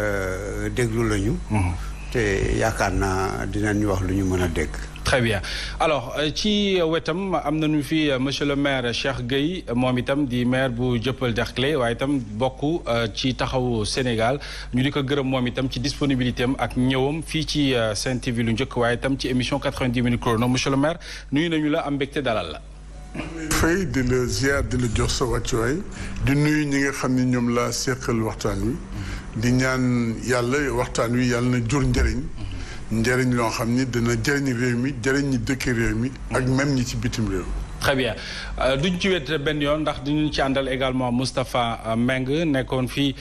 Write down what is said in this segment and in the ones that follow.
Euh, déglu lañu. Mhm. te yaakaar naa dinañu wax lu ñu mën a dégg. très bien alors euh, ci wetam am na ñu fi euh, monsieur le maire Cheikh Gueye moom itam di maire bu Dieuppeul Derklé waaye itam bokk ci taxawu Sénégal ñu di ko gërëm moom itam ci disponibilité am ak ñëwam fii ci Sen TV lu njëkk waaye itam ci émission 90 minutes chrono monsieur le maire nuyu nañu la am mbégte dalal la. fay di la ziar di la jox sa wàccuwaay di nuyu ñi nga xam ne ñoom laa seqal waxtaan wi. di ñaan yàlla waxtaan wi yàlla na jur njëriñ njëriñ loo xam ni dina jëriñ réew mi jëriñ ñi dëkk réew mi ak même ñi ci bitim réew très bien euh, duñ ci wet benn yoon ndax diñu ci àndal également Moustapha euh, Meng nekkoon fii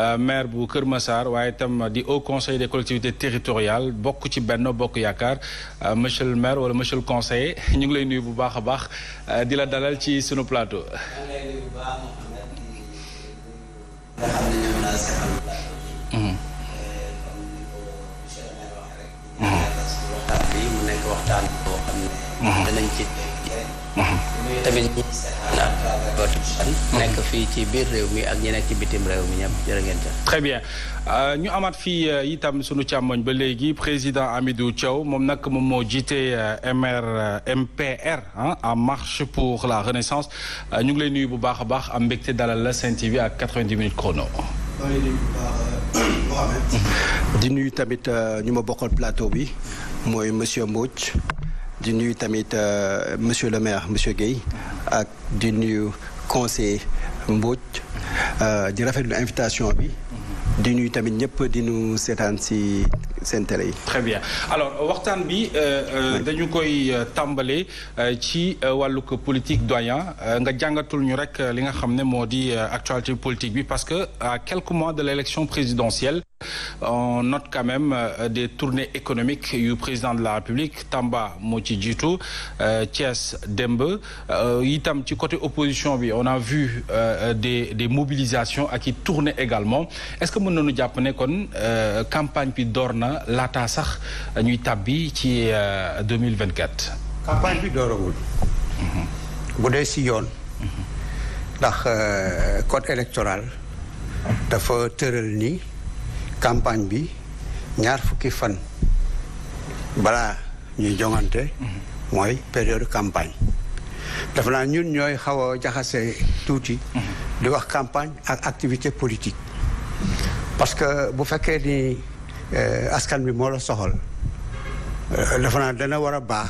euh, maire bu Kër Massar waaye itam di haut conseil des collectivités territoriales bokk ci benn Bokk Yaakaar monsieur le maire wala monsieur le conseiller ñu ngi lay nuyu bu baax a baax di la dalal ci sunu plateau. nga xam ne ñoom laa seqal laaj ko waxtaan bi waxtaan boo xam tamit ñi nekk fii ci biir réew mi ak ñi nekk ci bitim réew mi ñëpp très bien euh, ñu amaat fii euh, itam sunu càmmoñ ba léegi président Hamidou cow moom nag moom moo jiite euh, MR MPR en marche pour la renaissance ñu ngi lay nuyu bu baax a baax am mbégte dalal la Sen TV ak 90 minutes chrono. di nuyu tamit ñu ma bokkal plateau bi mooy monsieur Mbodj. di nuyu tamit euh, monsieur le maire monsieur Guèye ak di nuyu conseiller Mbodj euh, di rafetlu invitation bi. di nuyu tamit ñëpp di nu seetaan si seen télé yi. très bien alors waxtaan bi euh, dañu koy tàmbale ci wàllug politique doyen nga jàngatul ñu rek li nga xam ne moo di actualité politique bi parce que à quelques mois de l' élection présidentielle. on note quand même euh, des tournées économiques yu président de la République Tamba moo ci jiitu euh, Thiès démb euh, itam ci côté opposition bi on a vu de des mobilisations ak i tournées également est-ce que mën nañu jàpp ne kon campagne bi door na laataa sax ñuy tàbbi ci 2024 campagne bi dooragul mhm. bu dee si yoon mhm. ndax code électoral dafa tëral nii campagne bi ñaar fukki fan balaa ñuy joŋante mooy période campagne dafa naa ñun ñooy xaw a jaxase tuuti di wax campagne ak activité politique parce que bu fekkee ni euh, askan bi moo la soxal euh, dafa naa dana war a baax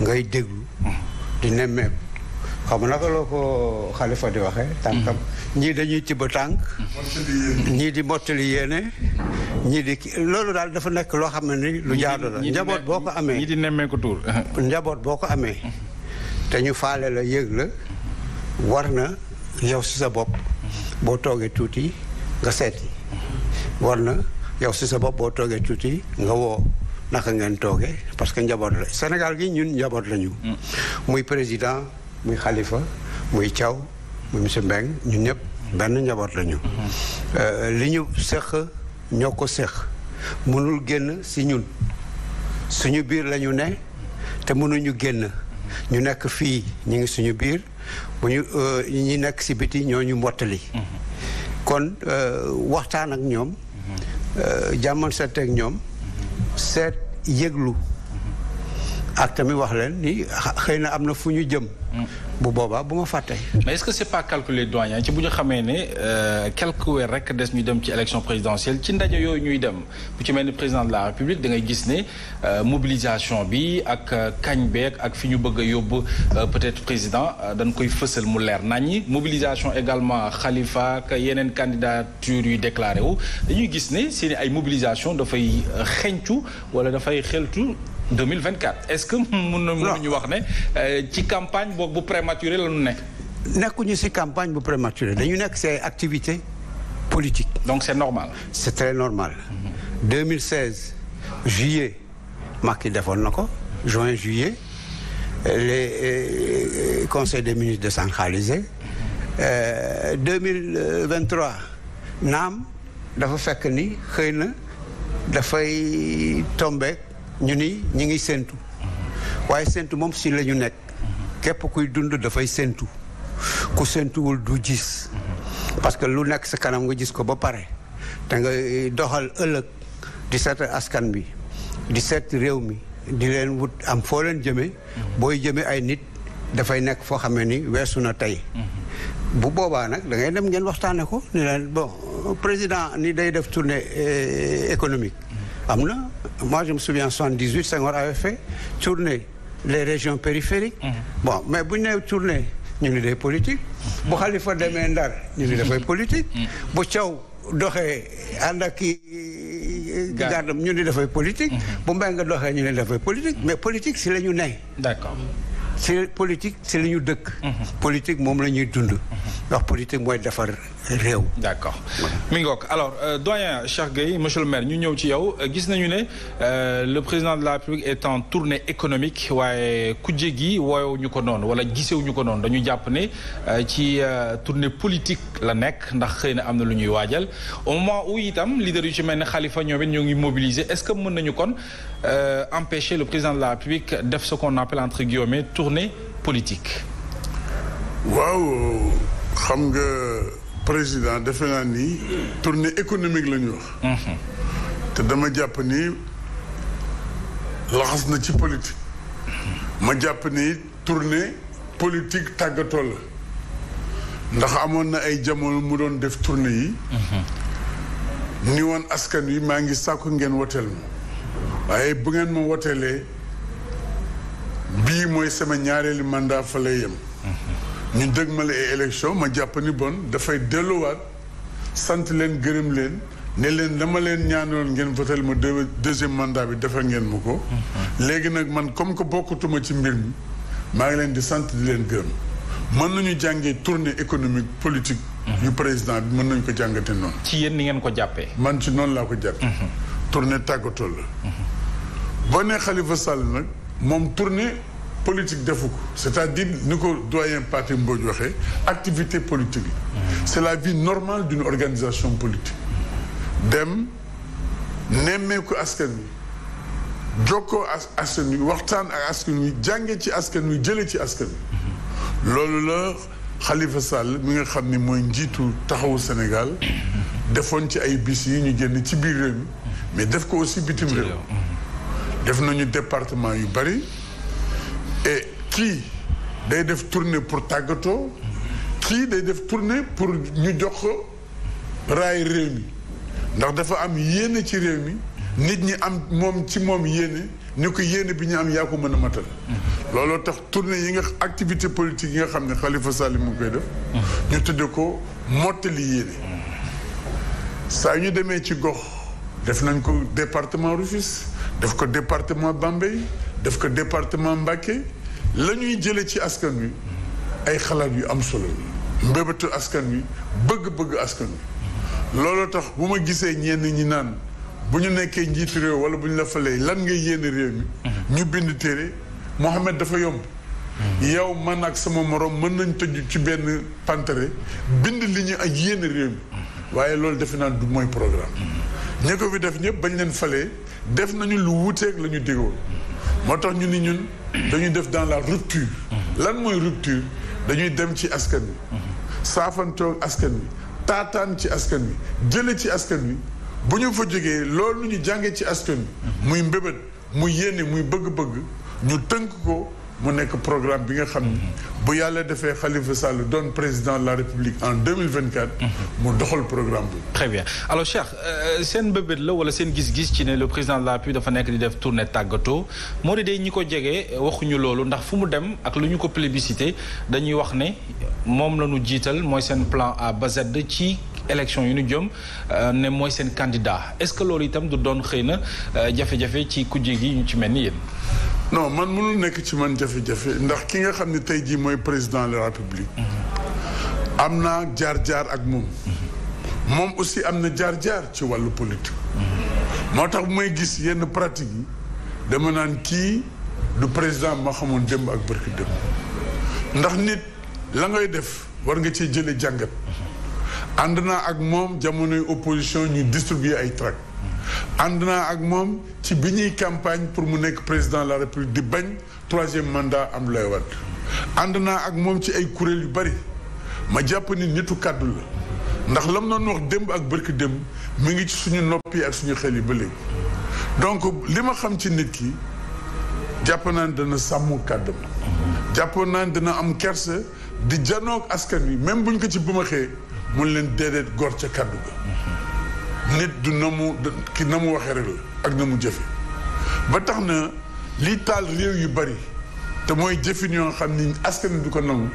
ngay déglu di nemmeeku xam naka loo ko xalifa di waxee ñii dañuy tibb tànk ñii di mbott mottali yéene ñii di loolu daal dafa nekk loo xam ne ni lu jaadu la njaboot boo ko amee ñii di nemmeeku njaboot boo ko amee te ñu faale la yëg la war na yow si sa bopp boo toogee tuuti nga seeti war na yow si sa bopp boo toogee tuuti nga woo naka ngeen toogee parce que njaboot la Sénégal gi ñun njaboot la ñu mm. muy président muy xalifa muy caw muy monsieur Mbengue ñun ñëpp benn njaboot lañu. Euh, li ñu seq ñoo ko seq mënul génn si ñun suñu biir la ñu ne te mënuñu génn ñu nekk fii ñu ngi suñu biir bu ñu euh, nekk si biti ñoo ñu mbottali. kon euh, waxtaan ak ñoom. jàmmal seet ñoom seet yëglu ak tamit wax leen xëy na am na fu ñu jëm. bu boobaa bu ma fàtte. mais est-ce que c'est pas calculé doyen ci bu ñu xamee ne euh, quelques weer rek des ñu dem ci élection présidentielle ci ndaje yooyu ñuy dem bu ci mel ni président de la république da ngay gis ne euh, mobilisation bi ak euh, kañ beeg ak fi ñu bëgg a yóbbu peut-être président dañ koy fësal mu leer naññi mobilisation également xalifa ak yeneen candidature yu déclaré wu dañuy gis ne seen ay mobilisation dafay xencu wala dafay xeltu. 2024 est-ce que mun na mënuñu wax ne euh, ci campagne boog bu prématuré la nekkuñu ci campagne bu prématuré dañu nekk c'est activité politique donc c'est normal c'est très normal 2016 mm-hmm. juillet Macky defoon na ko juin juillet les euh, conseils des ministres décentralisés euh, 2023 naam dafa fekk ni xëy na dafay tomber ñu ni ñu ngi séentu waaye séentu moom si la ñu nekk képp kuy dund dafay séentu ku séentuwul du gis parce que lu nekk sa kanam nga gis ko ba pare te nga eh, doxal ëllëg di seet askan bi di seet réew mi di leen wut am foo leen jëme booy jëme ay nit dafay nekk foo xamee ni weesu na tey bu boobaa nag da ngay dem ngeen waxtaane ko ni leen bon président ni day def tournée eh, économique am na moi je me souviens en 78 Senghor avait fait tourner les régions périphériques. Mhm. bon mais bu ñu nee tourner ñu ngi def politique. bu Khalifa demee Ndar ñu ngi dafay politique. Mhm. bu Thiaw doxee ànd ak kii gardam ñu ni dafay politique. Mhm. bu Mbengue doxee ñu ni dafay politique mais politique si la ñu ne. d'accord. c'est politique c'est li ñu dëkk. Mhm. politique moom la ñuy dund. Mhm. ndax politique mooy defar réew. d'accord mi ngook alors euh, doyen Cheikh Gueye monsieur le maire ñu ñëw ci yow euh, gis nañu ne euh, le président de la République est en tournée économique waaye kuje gi woyowuñu ko noonu wala gisewuñu ko noonu dañu jàpp ni ci tournée politique la nekk ndax xëy na am na lu ñuy waajal au moment où itam leader yu ci mel ni xalifa ñoom it ngi mobiliser est-ce que mën nañu kon empêcher le président de la République def ce qu'on tournée politique. waaw xam nga président defe naa ni tournée économique lañu wax. Mhm. te dama jàpp ni laxas na ci politique. Mhm. ma jàpp ni tournée politique tàggatoo la. ndax amoon na ay jamono mu doon def tournée yi. Mhm. ni woon askan wi maa ngi sàkku ngeen woteel ma. waaye bu ngeen ma woteelee. bii mooy sama ñaareelu mandat fa lay yem. ñu dëgmal ay élection ma jàpp ni bon dafay delluwaat sant leen gërëm leen ne leen dama leen ñaanoon ngeen votel ma deuxième mandat bi defar ngeen ma ko. léegi nag man comme que bokkatuma ci mbir mi maa ngi leen di sant di leen gërëm mën nañu jàngee tournée économique politique. yu président bi mën nañu ko jàngate noonu. ci yéen ni ngeen ko jàppee. man ci noonu laa ko jàppee. Mhm. tournée tàggatoo la. Mhm. boo nee Khalifa moom tournée politique defu ko c'est-à-dire ni ko doyen parti Mbodj waxee activité politique la mm. c'est la vie normale d'une organisation politique dem nemmeeku askan wi jokkoo ak askan wi waxtaan ak askan wi ci askan wi jële ci askan wi mm-hmm. loolu la Khalifa Sall mi nga xam ni mooy njiitu taxawu Sénégal mm-hmm. defoon ci ay bis yi ñu génn ci biir réew mi mm-hmm. mais def ko aussi bitim réew def nañu département yu bëri et kii day def tournée pour tàggatoo kii day def tournée pour ñu jox ko raay réew mi ndax dafa am yéene ci réew mi nit ñi am moom ci moom yéene ni ko yéene bi ñu am yaa ko mën a matal. looloo tax tournée yi nga activité politique yi nga xam ne Khalifa Sall mu ngi koy def. ñu tudde ko mottali yéene. saa ñu demee ci gox def nañ ko département Rufisque. def ko département Bambey def ko département Mbacké la ñuy jële ci askan wi ay xalaat yu am solo mbébétu askan wi bëgg-bëgg askan wi looloo tax bu ma gisee ñenn ñi naan bu ñu nekkee njiitu réew wala bu ñu la lan ngay yéene réew mi mhm. ñu bind téere Mohamed dafa yomb mhm. yow man ak sama morom mën nañ tëju ci benn pantare bind li ñu ak yéene réew mi mhm. waaye loolu defe naa du mooy programme ña ko def ñëpp bañ leen fale def nañu lu wuuteeg la ñu digoon moo tax ñu ni ñun dañuy def dans la rupture lan mooy rupture dañuy dem ci askan wi saafantoog askan bi taataan ci askan bi jële ci askan bi bu ñu fa jógee loolu ñu jàngee ci askan bi muy mbébét muy yéene muy bëgg-bëgg ñu tënk ko mu nekk programme bi nga xam ni bu yàlla defee Khalifa Sall doon président de la République en 2024 mu doxal programme bi très bien alors Cheikh euh, seen mbëbët la wala seen gis-gis ci ne le président de la République dafa nekk di def tournée tàggatoo moo di day ñi ko jege euh, waxuñu loolu ndax fu mu dem ak lu ñu ko plébiscité dañuy wax ne moom la ñu jiital mooy seen plan à ba Z ci élection yu ñu jëm euh, ne mooy seen candidat est-ce que loolu itam du doon xëy na jafe-jafe ci kujje gi ñu ci mel ni yéen non man mënul nekk ci man jafe-jafe ndax ki nga xam ne tey jii mooy président de la république mm-hmm. am naa jaar-jaar ak moom mm-hmm. moom aussi am na jaar-jaar ci wàllu politique mm-hmm. moo tax bu may gis yenn pratique yi dama naan kii du président ma xamoon démb ak bërki démb ndax nit la ngay def war nga ci jële jàngat ànd naa ak moom jamonoy opposition ñu distribuer ay tract ànd naa ak moom ci bi ñuy campagne pour mu nekk président la république di bañ troisième mandat Abdoulaye Wade ànd naa ak moom ci ay kuréel yu bari ma jàpp nit nitu kàddu la ndax lam noonu wax démb ak bërki démb mi ngi ci suñu nopp yi ak suñu xel yi ba donc li ma xam ci nit ki jàpp naa ni dana sàmm kàddam jàpp naa ni dana am kersa di janoog askan wi même buñ ko ci bëmaxee mun leen déedéet gor ca kàddu ga nit du na mu ki na mu waxee rek la ak na mu jëfe ba tax na lii taal réew yu bari te mooy jëfin yoo xam ni askan du ko nangu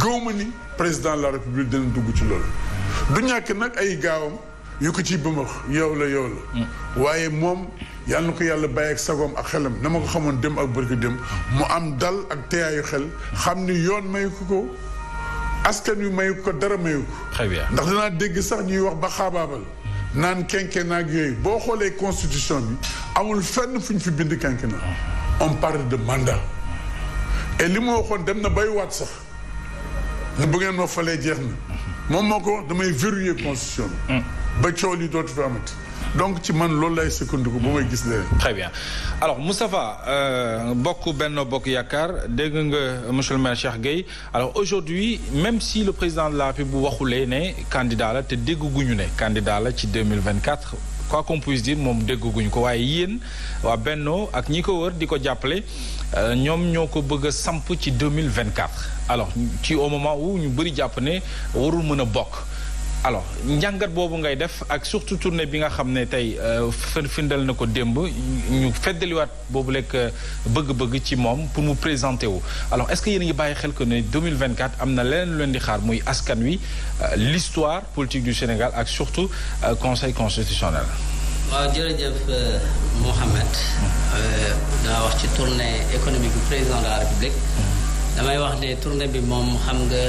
gëw ma ni président de la république dina dugg ci loolu du ñàkk nag ay gaawam yu ko ci bëmax yow la yow la mm. waaye moom yàlla na ko yàlla bàyyi ak sagoom ak xelam na ma ko xamoon dem ak bërki dem mu am dal ak teyaayu xel xam ni yoon mayu ko askan yu mayu ko dara mayu ko ndax danaa dégg sax ñuy wax ba xaabaabal naan quinquennat ak yooyu boo xoolee constitution bi amul fenn fu ñu fi bind quinquennat on parle de mandat et li ma waxoon dem na bay waat sax ne bu ngeen ma falee jeex na moom moo ko wax damay verrouiller constitution bi mm. ba coow li dootu fi amati donc ci man loolu lay sukkandiku bu may gis leen. très bien alors Moustapha euh, bokk Benno Bokk Yaakaar dégg nga monsieur le maire Cheikh Gueye alors aujourd'hui même si le président de la République bu waxulee ne candidat la te dégguñu ne candidat la ci 2024 quoi qu'on puisse dire moom dégguñu ko waaye yéen waa Benno ak ñi ko wër di ko jàppale euh, ñoom ñoo ko bëgg a samp ci 2024 alors ci au moment où ñu bëri jàpp ne warul mën a bokk alors njàngat boobu ngay def ak surtout tournée bi nga xam ne tey euh, firndal na ko démb ñu feddaliwaat boobu lekk euh, bëgg-bëgg ci moom pour mu présenter wu alors est-ce que yéen a ngi bàyyi xel que ne 2024 am na leneen lu leen di xaar muy askan wi euh, l'histoire politique du Sénégal ak surtout conseil constitutionnel waaw jërëjëf Mouhamed daa wax ci tournée économique bu président de la République mm-hmm. damay wax ne tournée bi moom xam nga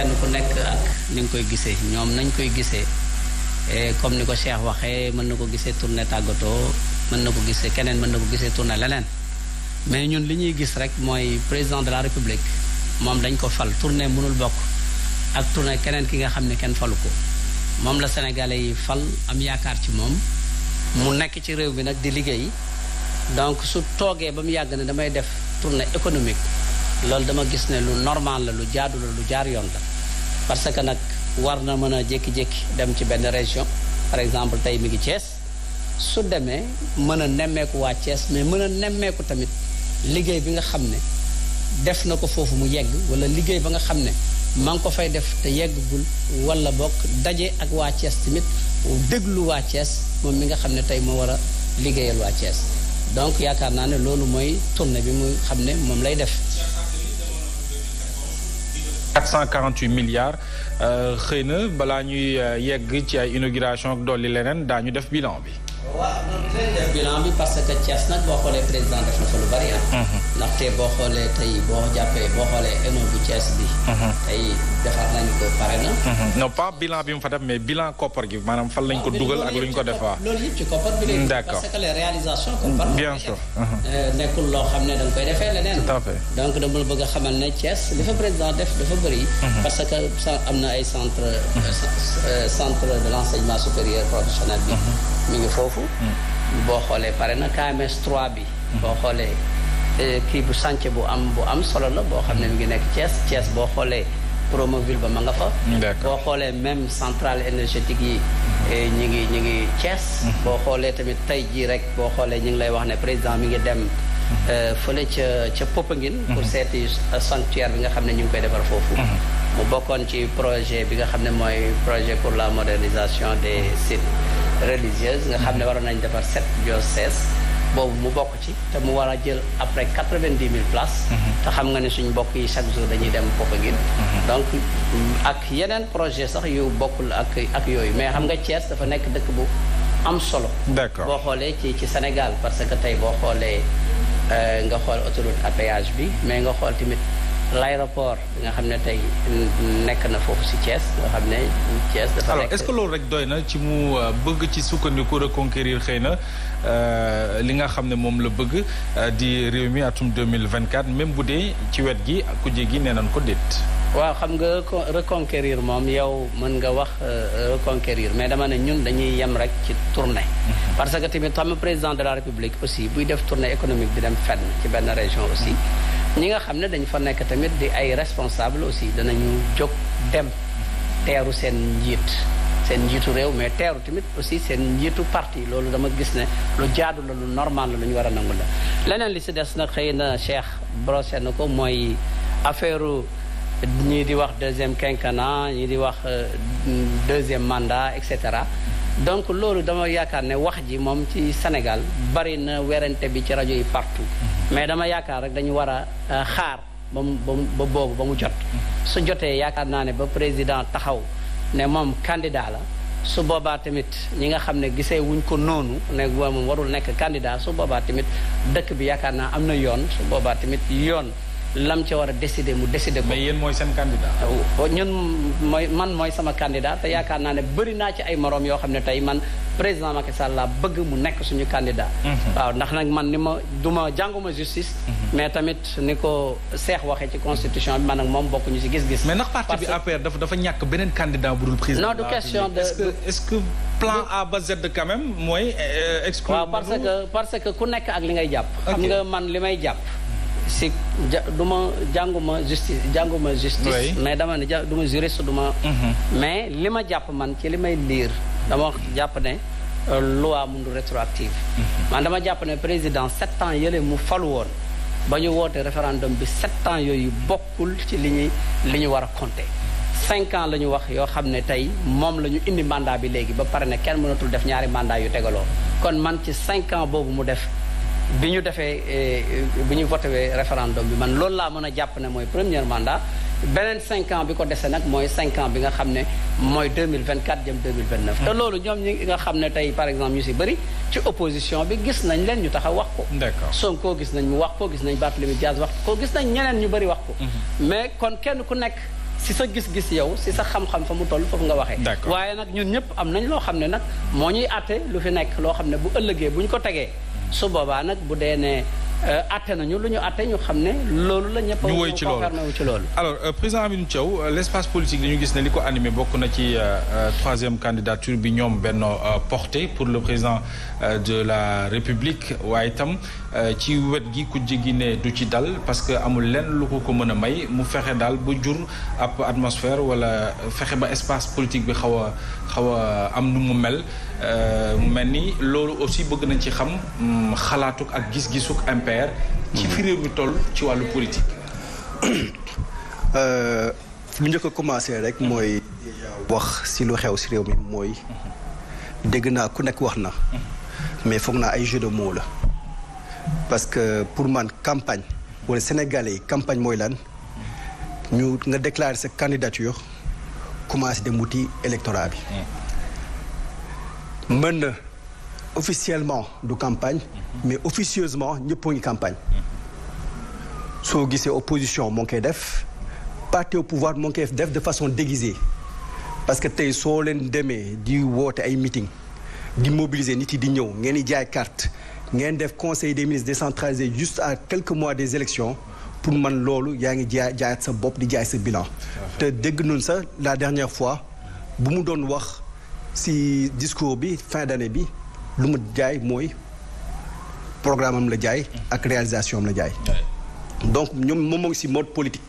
kenn ko nekk ak ni nga koy gisee ñoom nañ koy gisee e, comme ni ko Cheikh waxee mën na ko gisee tournée tàggatoo mën na ko gisee keneen mën na ko gisee tournée leneen mais ñun li ñuy gis rek mooy président de la république moom dañ ko fal tournée mënul bokk ak tournée keneen ki nga xam ne kenn falu ko moom la sénégalais yi fal am yaakaar ci moom mu nekk ci réew bi nag di liggéey donc su toogee ba mu yàgg ne damay def tournée économique loolu dama gis ne lu normal la lu jaadu la lu jaar yoon la parce que nag war na mën a jékki-jékki dem ci benn région par exemple tey mi ngi cees su demee mën a nemmeeku waa Thiès mais mën a nemmeeku tamit liggéey bi nga xam ne def na ko foofu mu yegg wala liggéey ba nga xam ne maa ngi ko fay def te yeggagul wala bokk daje ak waa Thiès tamit déglu waa Thiès moom mi nga xam ne tey moo war a liggéeyal waa Thiès donc yaakaar naa ne loolu mooy tournée bi mu xam ne moom lay def 448 milliards euh, xëy na balaa ñuy euh, yegg ci ay inauguration ak dolli leneen daañu def bilan bi waaw non dinañ def bilan bi parce que Thiès nag boo xoolee président def na fa lu bari ah. Mhm. ndaxte boo xoolee tey boo jàppee boo xoolee éno bu Thiès bi. Mhm. tey defar nañ ko na. Mhm. non pas bilan bi mu mais bilan koppar gi fan lañ ko ah, dugal ak luñ ko def waaw. loolu yëpp ci koppar bi lay. d'accord parce que euh, nekkul loo xam ne dañ koy defee leneen. tout à fait donc dama la bëgg a xamal ne Thiès li fa président def dafa bëri. parce que am na ay centre euh, euh, centre de l'enseignement supérieur professionnel bi. mi ngi foofu. boo xoolee pare na KMS 3 bi boo xoolee eh, kii bu sance bu am bu am solo la boo xam ne mi ngi nekk cees cees boo xoolee Promoville ba ma nga fa boo xoolee même centrale énergétique yi eh, ñu ngi ñu ngi cees mhm. boo xoolee tamit tey jii rek boo xoolee ñu ngi lay wax ne président mi ngi dem Euh, fële ca ca Popenguine mhm. pour seeti sanctuaire bi nga xam ne ñu ngi koy defar foofu mhm. mu bokkoon ci projet bi nga xam ne mooy projet pour la modernisation des sites religieuses nga xam ne waroon nañ defar sept diocèses boobu mu bokk ci te mu war a jël après quatre-vingt-dix mille places mhm. te xam nga ne suñ mbokk yi chaque jour dañuy dem Popenguine donc ak yeneen projet sax yu bokkul ak ak yooyu mais xam nga Thiès dafa nekk dëkk bu am solo d'accord boo xoolee ci ci Sénégal parce que tey boo xoolee Euh, nga xool autoroute à péage bi mais nga xool tamit l'aéroport nga xam ne tey nekk na foofu si Thiès nga xam ne Thiès dafa nekk est-ce que loolu rek doy na ci mu euh, bëgg ci sukkandiku reconquérir xëy na euh, li nga xam ne moom la bëgg euh, di réew mi atum 2024 même bu dee ci wet gi kuje gi nee nañ ko déet waaw xam nga reconquérir moom yow mën nga wax reconquérir mais dama ñun dañuy yem rek ci tournée mhm. parce que tamit xam président de la république aussi buy def tournée économique bi dem fenn ci benn région aussi mhm. ñi nga xam ne dañ fa nekk tamit di ay responsable aussi danañu jóg dem teeru seen njiit seen njiitu réew mais teeru tamit aussi seen njiitu parti loolu dama gis ne lu jaadu la lu normal la lu ñu war a nangu la leneen li si des na xëy na Cheikh brossé na ko mooy affaire ñii di wax deuxième quinquennat ñii di wax euh, deuxième mandat et cetera donc loolu dama yaakaar ne wax ji moom ci Sénégal bari na werante bi ci rajo yi partout mhm. mais dama yaakaar rek dañu war a euh, xaar ba mu ba mu ba boobu ba mu jot su jotee yaakaar naa ne ba président taxaw ne moom kandidaa la su boobaa tamit ñi nga xam ne gisee wuñ ko noonu ne moom warul nekk candidat su boobaa tamit dëkk bi yaakaar naa am na yoon su boobaa tamit yoon lam ca war a décider mu décider ko. mais mooy seen candidat. Oh, ñun mooy man mooy sama candidat te yaakaar naa ne bëri naa ci ay moroom yoo xam ne tey man président Macky Sall laa bëgg mu nekk suñu candidat. Mhm. waaw ndax nag man ni ma du ma jànguma justice. Mhm. mais tamit ni ko seex waxee ci constitution bi man ak moom bokkuñu ci gis-gis. mais ndax parti bi APR dafa dafa ñàkk beneen candidat bu dul président. non du question de est-ce que est-ce que plan A ba Z mooy. Euh, exclu waaw parce parce que ku nekk ak li ngay jàpp. xam man li may jàpp. si ja du ma jànguma justice jànguma justice. mais dama ne ja du ma juriste du ma. Mhm. mais li ma jàpp man ci li may liir dama jàpp ne euh, loi mundu rétroactive. Mhm. man dama jàpp ne président sept ans yële mu falu woon ba ñu woote référendum bi sept ans yooyu bokkul ci li ñuy li ñu war a compter. cinq ans la ñu wax yoo xam ne tey moom la ñu indi mandat bi léegi ba pare na kenn mënatul def ñaari mandat yu tegaloo kon man ci cinq ans boobu mu def. bi ñu defee eh, bi ñu votewee référendum bi man loolu laa mën a jàpp ne mooy premier mandat beneen cinq ans bi ko desee nag mooy cinq ans bi nga xam ne mooy deux mille vingt 2024 jëm 2029 hmm. te loolu ñoom ñi nga xam ne tey par exemple ñu si bëri ci opposition bi gis nañ leen ñu taxaw wax ko Sonko gis nañ mu wax ko gis nañ baat Barthélémy Dias wax ko gis nañ ñeneen ñu bëri wax ko hmm. mais kon kenn ku nekk si sa gis-gis yow si sa xam-xam fa mu toll foofu nga waxee waaye nag ñun ñëpp am nañ loo xam ne nag moo ñuy àtte lu fi nekk loo xam ne bu ëllëgee bu ñu ko tegee su boobaa bu dee ne euh, atte nañu lu ñu atte ñu xam ne loolu la ñëpp ñu woy ci loolu alors euh, président Aminou Thiaw euh, l' espace politique dañu gis ne li ko animé bokk na ci euh, troisième candidature bi ñoom benn porté pour le président de la république waaye itam ci wet gi ku jigi ne du ci dal parce que amul lenn lu ko ko mën a may mu fexe daal ba jur ab atmosphère wala fexe ba espace politique bi xaw a xaw a am nu mu mel euh, mu mel ni loolu aussi bëgg nañ ci xam mm, xalaatuk ak gis-gisuk MPR ci fi réew mi toll ci wàllu politique mu euh, njëkk a commencé rek mooy wax si lu xew si réew mi mooy dégg naa ku nekk wax na mais foog naa ay jeu de mots la parce que pour man campagne wala sénégalais yi campagne mooy lan ñu nga déclarer sa candidature commencé dem wuti électorat bi. Hmm. mën na officiellement du campagne. Hmm. mais officieusement ñëppoo ngi campagne. Hmm. soo gisee opposition moo ngi koy def parti au pouvoir moo ngi def de façon déguisée parce que tey soo leen demee di woote ay meeting di mobiliser nit yi di ñëw ngeen di jaay carte ngeen def conseil des ministres décentralisé juste à quelques mois des élections pour man loolu yaa ngi jaay jaayaat sa bopp di jaay sa bilan. te dégg nañu sax la dernière fois bu mu doon wax si discours bi fin d'année bi lu mu jaay mooy programme am la jaay ak réalisation am la jaay. donc ñoom moom moo ngi si mode politique.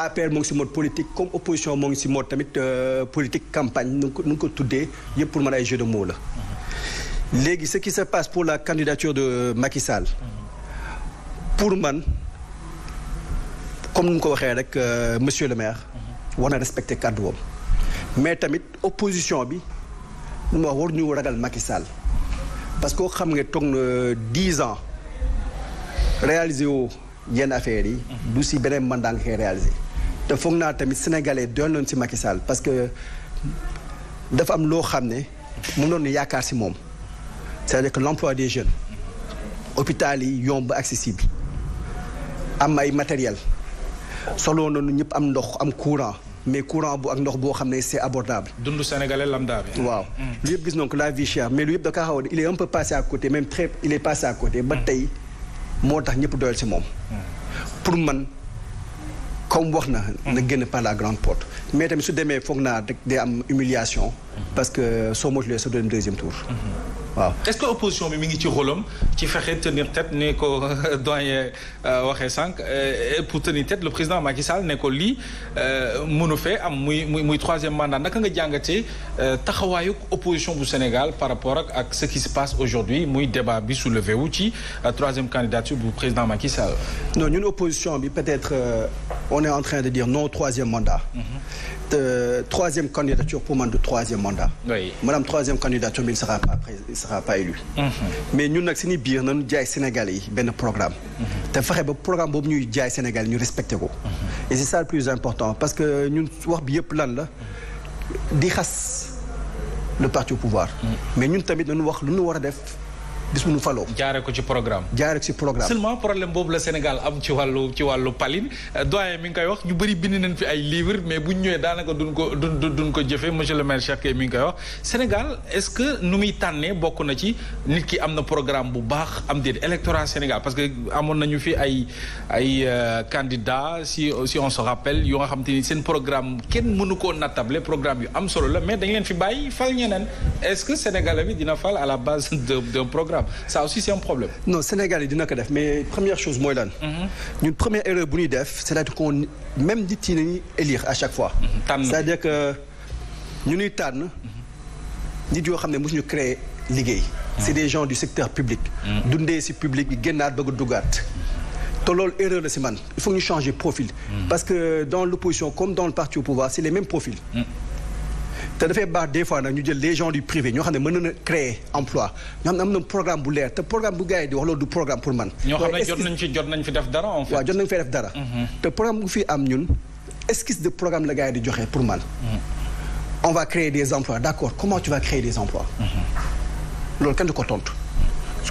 APR moo ngi si mode politique comme opposition moo ngi si mode tamit euh, politique campagne nu ko nu ko tuddee yëpp pour mën ay jeu de mots la. Mm-hmm. léegi ce qui se passe pour la candidature de Macky pour man comme nu mu ko waxee rek euh, monsieur le maire. war na respecter kàddu woom mais tamit opposition bi nu ma wax war ñu ragal Macky Sall parce que xam nga toog na dix ans réaliser woo yenn affaires yi. du si beneen mandat nga koy réaliser. te foog naa tamit sénégalais doon nañu si Macky Sall parce que dafa am loo xam ne mënoon na yaakaar si moom c'est-à-dire que l'emploi des jeunes hôpital yi yomb accessible. am ay matériel solo noonu ñëpp am ndox am courant mais courant bu ak ndox boo xam ne c'est abordable. dundu sénégalais lambda bi. waaw hmm. lu yëpp gis nañ ko la vie mais lu yëpp da kaa xaw a il est un peu passé à côté même très il est ba hmm. tey moo tax ñëpp doyal ci moom. Hmm. pour man comme wax na. na génn par la grande porte. mais tamit su demee foog naa day am humiliation parce que soo motulee sa doon deuxième tour. waaw est-ce que opposition bi mi ngi ci rôlam ci fexe tenir tête ni ko doyen euh, waxee sànq euh, pour tenir tête le président Macky Sall ne ko lii euh, mënu fee am muy muy muy troisième mandat naka nga jàngatee taxawaayu opposition bu Sénégal par rapport ak ak ce qui se passe aujourd'hui muy débat bi soulevé wu ci troisième candidature bu président Macky Sall. non ñun opposition bi peut-être on est en train de dire non au troisième mandat. te mhm. troisième candidature pour man du troisième mandat. oui maanaam candidature bi il sera pas sera euh, pas mais ñun nag suñu biir nañu jaay Sénégalais yi benn programme. te fexe ba programme boobu ñuy jaay Sénégal ñu respecté ko. et c'est ça le plus important parce que ñun wax bi yëpp lan la di xas le parti au pouvoir. Mm. mais ñun tamit nañu wax lu ñu war a def. bis bu nu faloo. jaaree ko ci programme. jaaree ko ci programme seulement problème boobu la Sénégal am ci wàllu ci wàllu paline euh, doyen mi ngi koy wax ñu bëri bind nañ fi ay livre mais bu ñu ñëwee daanaka duñ ko duñ duñ ko jëfee monsieur le maire Cheikh mi ngi koy wax nu muy tànnee bokk na ci nit ki am na programme bu baax am déet électorat Sénégal parce que amoon nañu fi ay ay euh, candidats si si on se rappelle yoo nga xam te ni seen programme kenn mënu koo nattable programme yu am solo la mais dañ leen fi bàyyi fal ñeneen est-ce que Sénégalais bi dina fal la base programme ça aussi c'est un problème. Sénégal yi dina def mais première chose mooy lan. Mhm. ñun première erreur bu ñuy def c'est-à-dire qu'on même nit yi élire à chaque fois. Mhm. c'est-à-dire que ñu ñuy tànn. nit yoo xam ne mosuñu créer liggéey. c'est des gens du secteur public. Mhm. dundee ci public bi génnaat bëgg duggaat. te loolu erreur il faut ñu changer profil. parce que dans l'opposition comme dans le parti au pouvoir c'est les mêmes profils. Mm. te dafay baax des nag ñu jël les du privé ñoo xam ne mën na créer emploi ñoo xam ne am na programme bu leer te programme bu gars di wax loolu du programme pour man. ñoo xam ne jot nañ fi def dara jot nañ fi def dara. Mhm. te programme bu fi am ñun esquisse de programme la gars di joxe pour man. Mhm. on va créer des emplois d'accord comment tu vas créer des emplois. Mhm. loolu kenn du ko tontu.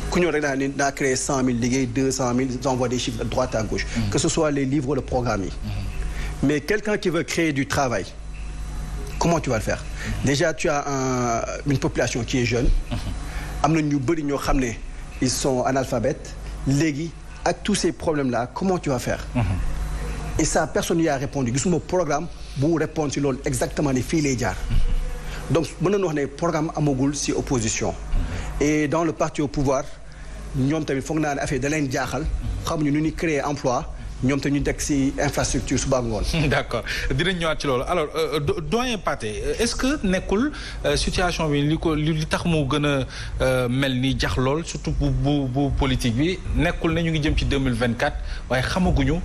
ku ñëw rek daa ne créer liggéey deux mille envoie des chiffres comment tu vas le faire déjà tu as un, une population qui est jeune mhm. am na ñu bëri ñoo xam ne ils sont analphabètes léegi ak tous ces problèmes là comment tu vas faire mhm. et ça personne y a répondu gisuma programme bu répondre si loolu exactement ne fii lay jaar mhm. donc mën nañu wax ne programme amagul si opposition et dans le parti au pouvoir ñoom tamit foog naa ne affaire da leen jaaxal xamuñu nu ñuy créer emploi ñoom te ñu teg ci infrastructure suba ngoon. d'accord dinañ ñëwaat ci loolu alors euh, doyen Pathé euh, est-ce que nekkul euh, situation bi li ko li tax mu gën a mel ni jax lool surtout bu bu bu politique bi nekkul ne ñu ngi jëm ci deux mille vingt-quatre waaye xamaguñu.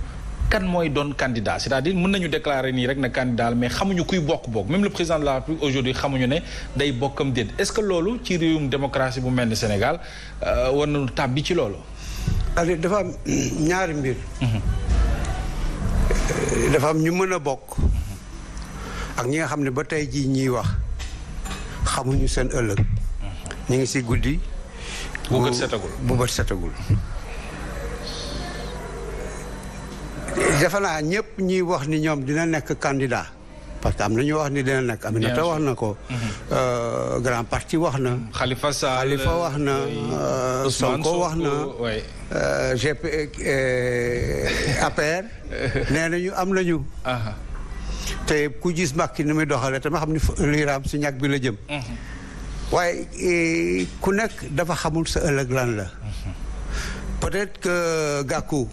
kan mooy doon candidat c'est-à-dire mën nañu déclarer nii rek na candidat mais xamuñu kuy bokk bokk même le président de la République aujourd'hui xamuñu ne day bokkam déet est-ce que loolu ci réewum démocratie bu mel ni Sénégal war nañu tàbbi ci loolu alors dafa am ñaari mbir. Mhm. dafa am ñu mën a bokk. ak ñi nga xam ne ba tey jii ñiy wax xamuñu seen ëllëg. Mhm. ñu ngi si guddi. bu bët setagul bu naa ñëpp ñiy wax ni ñoom dina nekk candidat. parce que am na wax ni dina nekk Aminata wax na ko mhm. euh, grand parti wax na Khalifa Sall am nañu te ku gis Macky na muy doxale te ma xam ni li si ñàkk bi la jëm mhm. waaye e, ku nekk dafa xamul sa ëllëg lan la mhm. peut-être que Gakou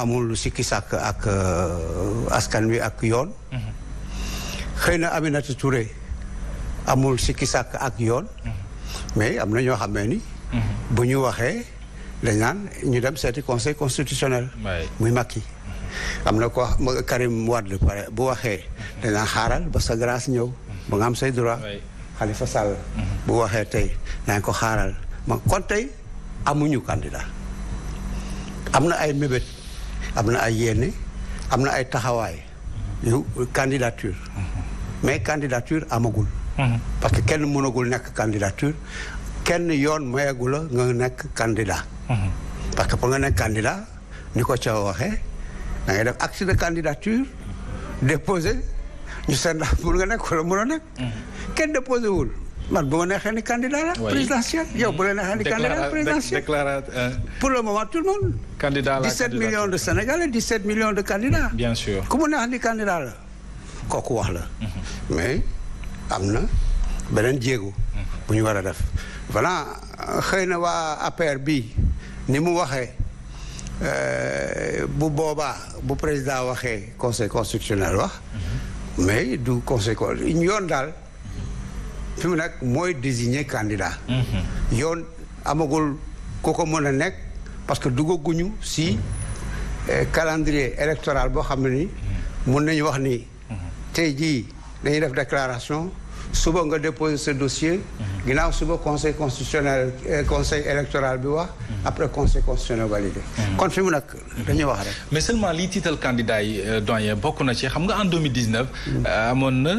amul sikki sàkk ak euh, askan wi ak yoon xëy na ami Aminata toure amul sikki sàkk ak yoon mais am na ñoo xam ne ni bu ñu waxee dañ naan ñu dem seeti conseil constitutionnel muy Macky am na ko Karim Wade pare bu waxee dañ xaaral ba sa grâce ñëw ba nga am say droit Khalifa Sall bu waxee tey dañ ko xaaral ma kon tey amuñu candidat am na ay mébét am na ay yéene am na ay taxawaay yu mais candidature amagul. parce que kenn mënagul nekk candidature kenn yoon mayagul la nga nekk candidat. parce que pour nga nekk candidat ni ko ca waxee da ngay def de candidature déposé ñu seen ndax pour nga nekk wala mënoo nekk. kenn déposé wul. man bu ma neexee ni candidat la. présidentiel yow bu la neexee ni candidat la présidentiel. Euh, pour le moment tout le monde. candidat la 17 millions de Sénégalais 17 millions de candidats. bien sûr ku mu neex ni candidat la. kooku wax la. Mhm. mais am na beneen jéego. Mhm. bu ñu war a def voilà xëy na waa appaire bi ni mu waxee. Euh, bu boobaa bu président waxee conseil constitutionnel wax mhm. mais du conseil ñu yoon daal fi mu nekk mooy désigner candidat yoon amagul ku ko mën a nekk parce que dugaguñu si euh, calendrier électoral boo xam ni mun nañu wax ni tey jii dañuy def déclaration suba nga déposer ce dossier. ginnaaw suba conseil constitutionnel euh, conseil électoral bi wax. après conseil constitutionnel validé. Hmm. kon fi mu nag dañuy wax rek. mais seulement liy tiital candidat yi euh, doyen bokk na ci xam nga en 2019. Hmm. Euh, amoon na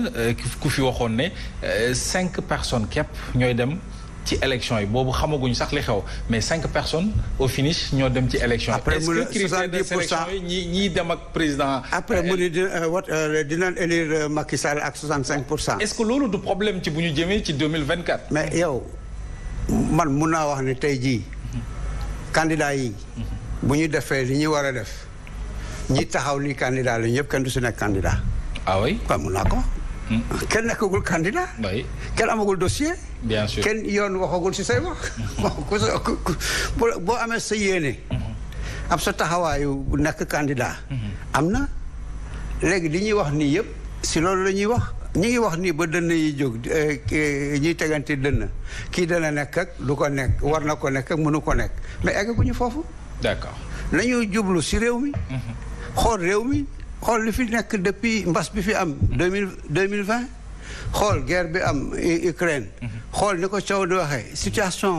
ku fi waxoon ne cinq personnes képp ñooy dem. ci élection yi boobu xamaguñ sax li xew mais cinq personnes au finish ñoo dem ci élection yi est-ce que critère de sélection yi dem ak président après euh, mu ni euh, euh, dina élire Macky Sall ak 65 pour cent est-ce que loolu du problème ci bu ñu jëmee ci 2024 mais yow man mun naa wax ne tey jii candidat yi bu ñu defee li ñu war a def ñi taxaw ni candidat la ñëpp kenn du si nekk candidat ah oui quoi mun naa kenn nekkagul candidat. oui kenn amagul dossier. bien sûr kenn yoon waxagul si say wax. ku sa boo amee sa yéene. Mhm. am sa taxawaayu nekk candidat. Mhm. am na léegi li ñuy wax nii yëpp si loolu la ñuy wax. ñi ngi wax nii ba dënn yi jóg eh, ñuy tegante dënn kii dana nekk ak du ko nekk war na ko nekk ak mënu ko nekk mais eggaguñu foofu. d'accord nañu jublu si réew mi. Mhm. xool réew mi. xool li fi nekk depuis mbas bi fi am deux mille deux mille vingt xool guerre bi am Ukraine. Mhm. xool ni ko Thiaw di waxee situation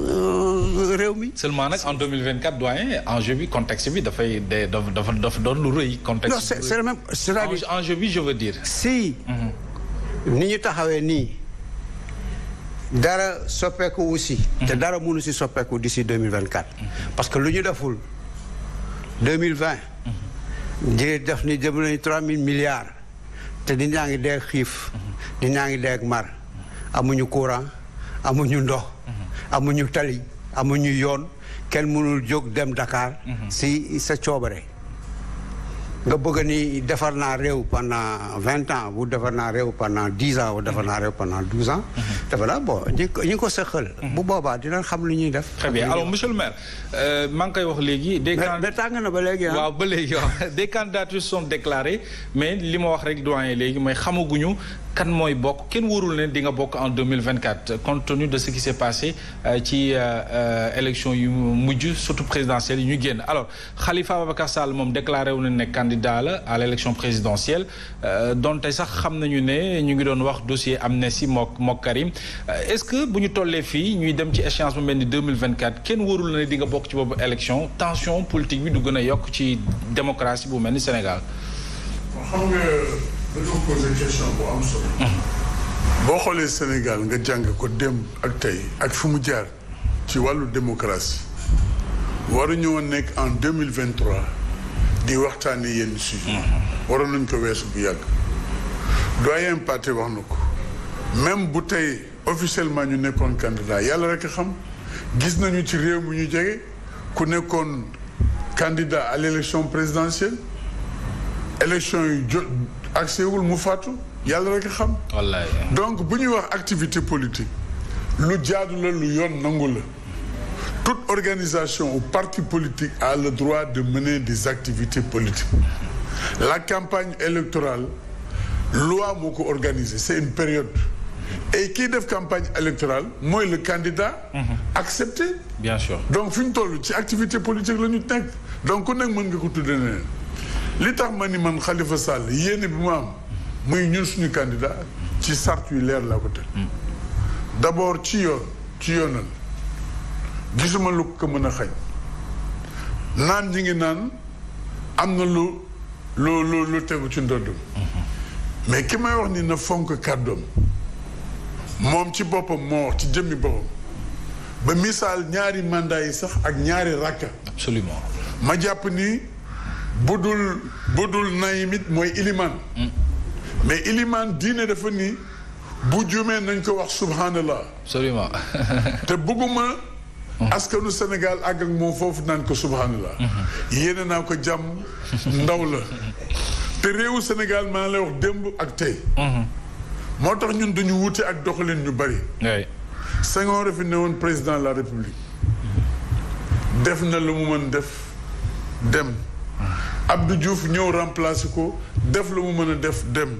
euh, réew mi. seulement nag en deux mille vingt quatre doyen enjeu bi contexte bi dafay day dafa dafa doon lu rëy. contexte non c' est le même c' est à dire bi je si. Mhm. ni ñu taxawee nii. dara soppeeku wu si. Mhm. te dara mënu si soppeeku di ici deux mille vingt quatre. parce que lu ñu deful mille vingt di def ni jëm nañu trois mille te nit ñaa ngi dee xiif nit ñaa ngi dee ak mar amuñu courant amuñu ndox amuñu tali amuñu yoon kenn mënul jóg dem Dakar mhm. si sa coobare nga bëgg ni defar naa réew pendant vingt ans bu defar naa réew pendant dix ans bu defar naa réew pendant douze ans. dafa la bon ñu ko sëqal. bu boobaa dinañ xam lu ñuy def. très bien alors monsieur le maire euh, maa ngi koy wax léegi. des candidats mais tàng na ba léegi ba léegi waaw des candidatures sont déclarées mais li ma wax rek doyen léegi mooy xamaguñu kan mooy bokk kenn wóorul ne di nga bokk en 2024 compte tenu de ce qui s'est passé euh, ci euh, euh, élection yu mujj surtout présidentielle yu ñu génn alors Khalifa Ababacar Sall moom déclaré wu na ne candidat la à l'élection présidentielle donte sax xam nañu ne ñu ngi doon wax dossier amnistie mook mook Karim est-ce que bu ñu tollee fii ñuy dem ci échéance bu mel ni 2024 kenn wóorul na dinga bokk ci boobu élection tension politique bi du gën a yokk ci démocratie bu mel ni Sénégal. dañoo posé question ah. boo xoolee Sénégal nga jàng ko démb ak tey ak fu mu jaar ci wàllu démocratie waruñu woon nekk en deux mille vingt trois di waxtaane yenn sujet ah. waroon nañ ko weesu bu yàgg doyen parti wax na ko même bu tey officiellement ñu nekkoon candidat yàlla rek a xam gis nañu ci réew mi ñu jege ku nekkoon candidat à l' présidentielle élection yu jot accès wul mu fàttu yàlla rek a xam. wallaay donc bu ñuy wax activité politique lu jaadu la lu yoon nangu la toute organisation ou parti politique a le droit de mener des activités politiques la campagne électorale loi moo ko organiser c'est une période. et kii def campagne électorale mooy le candidat. Mhm. accepté. bien sûr donc fi ñu ci activité politique la ñu nekk donc ku nekk mën nga ko tuddee neneen li tax ma ni man xalifa Sall yéene bi ma am muy ñun suñu candidat ci sart yu leer laa ko teg hmm. d'abord ci yoon ci yoonal gisuma lu ko mën a xaj naan ñi ngi naan am na lu lu lu lu tegu ci ndoddum hmm. mais ki may wax ni na fonk kàddoom moom ci boppam moo wax ci jëmmi boppam ba misaal ñaari mandat yi sax ak ñaari rakka ma jàpp ni bu dul bu dul mooy iliman mm. mais iliman diine dafa nii bu juumee nañ ko wax subhanallah absolument te bëgguma askanu Sénégal àgg ak moom foofu naan ko subhanallah mm-hmm. yéene naa ko jàmm ndaw la te réewu Sénégal ma lay wax démb ak tey mm-hmm. moo tax ñun dañu wuute ak doxalin ñu bari Senghor fi ne woon président la république mm-hmm. def na lu mu mën def dem Abdou Diouf ñëw remplacer ko def la mu mën a def dem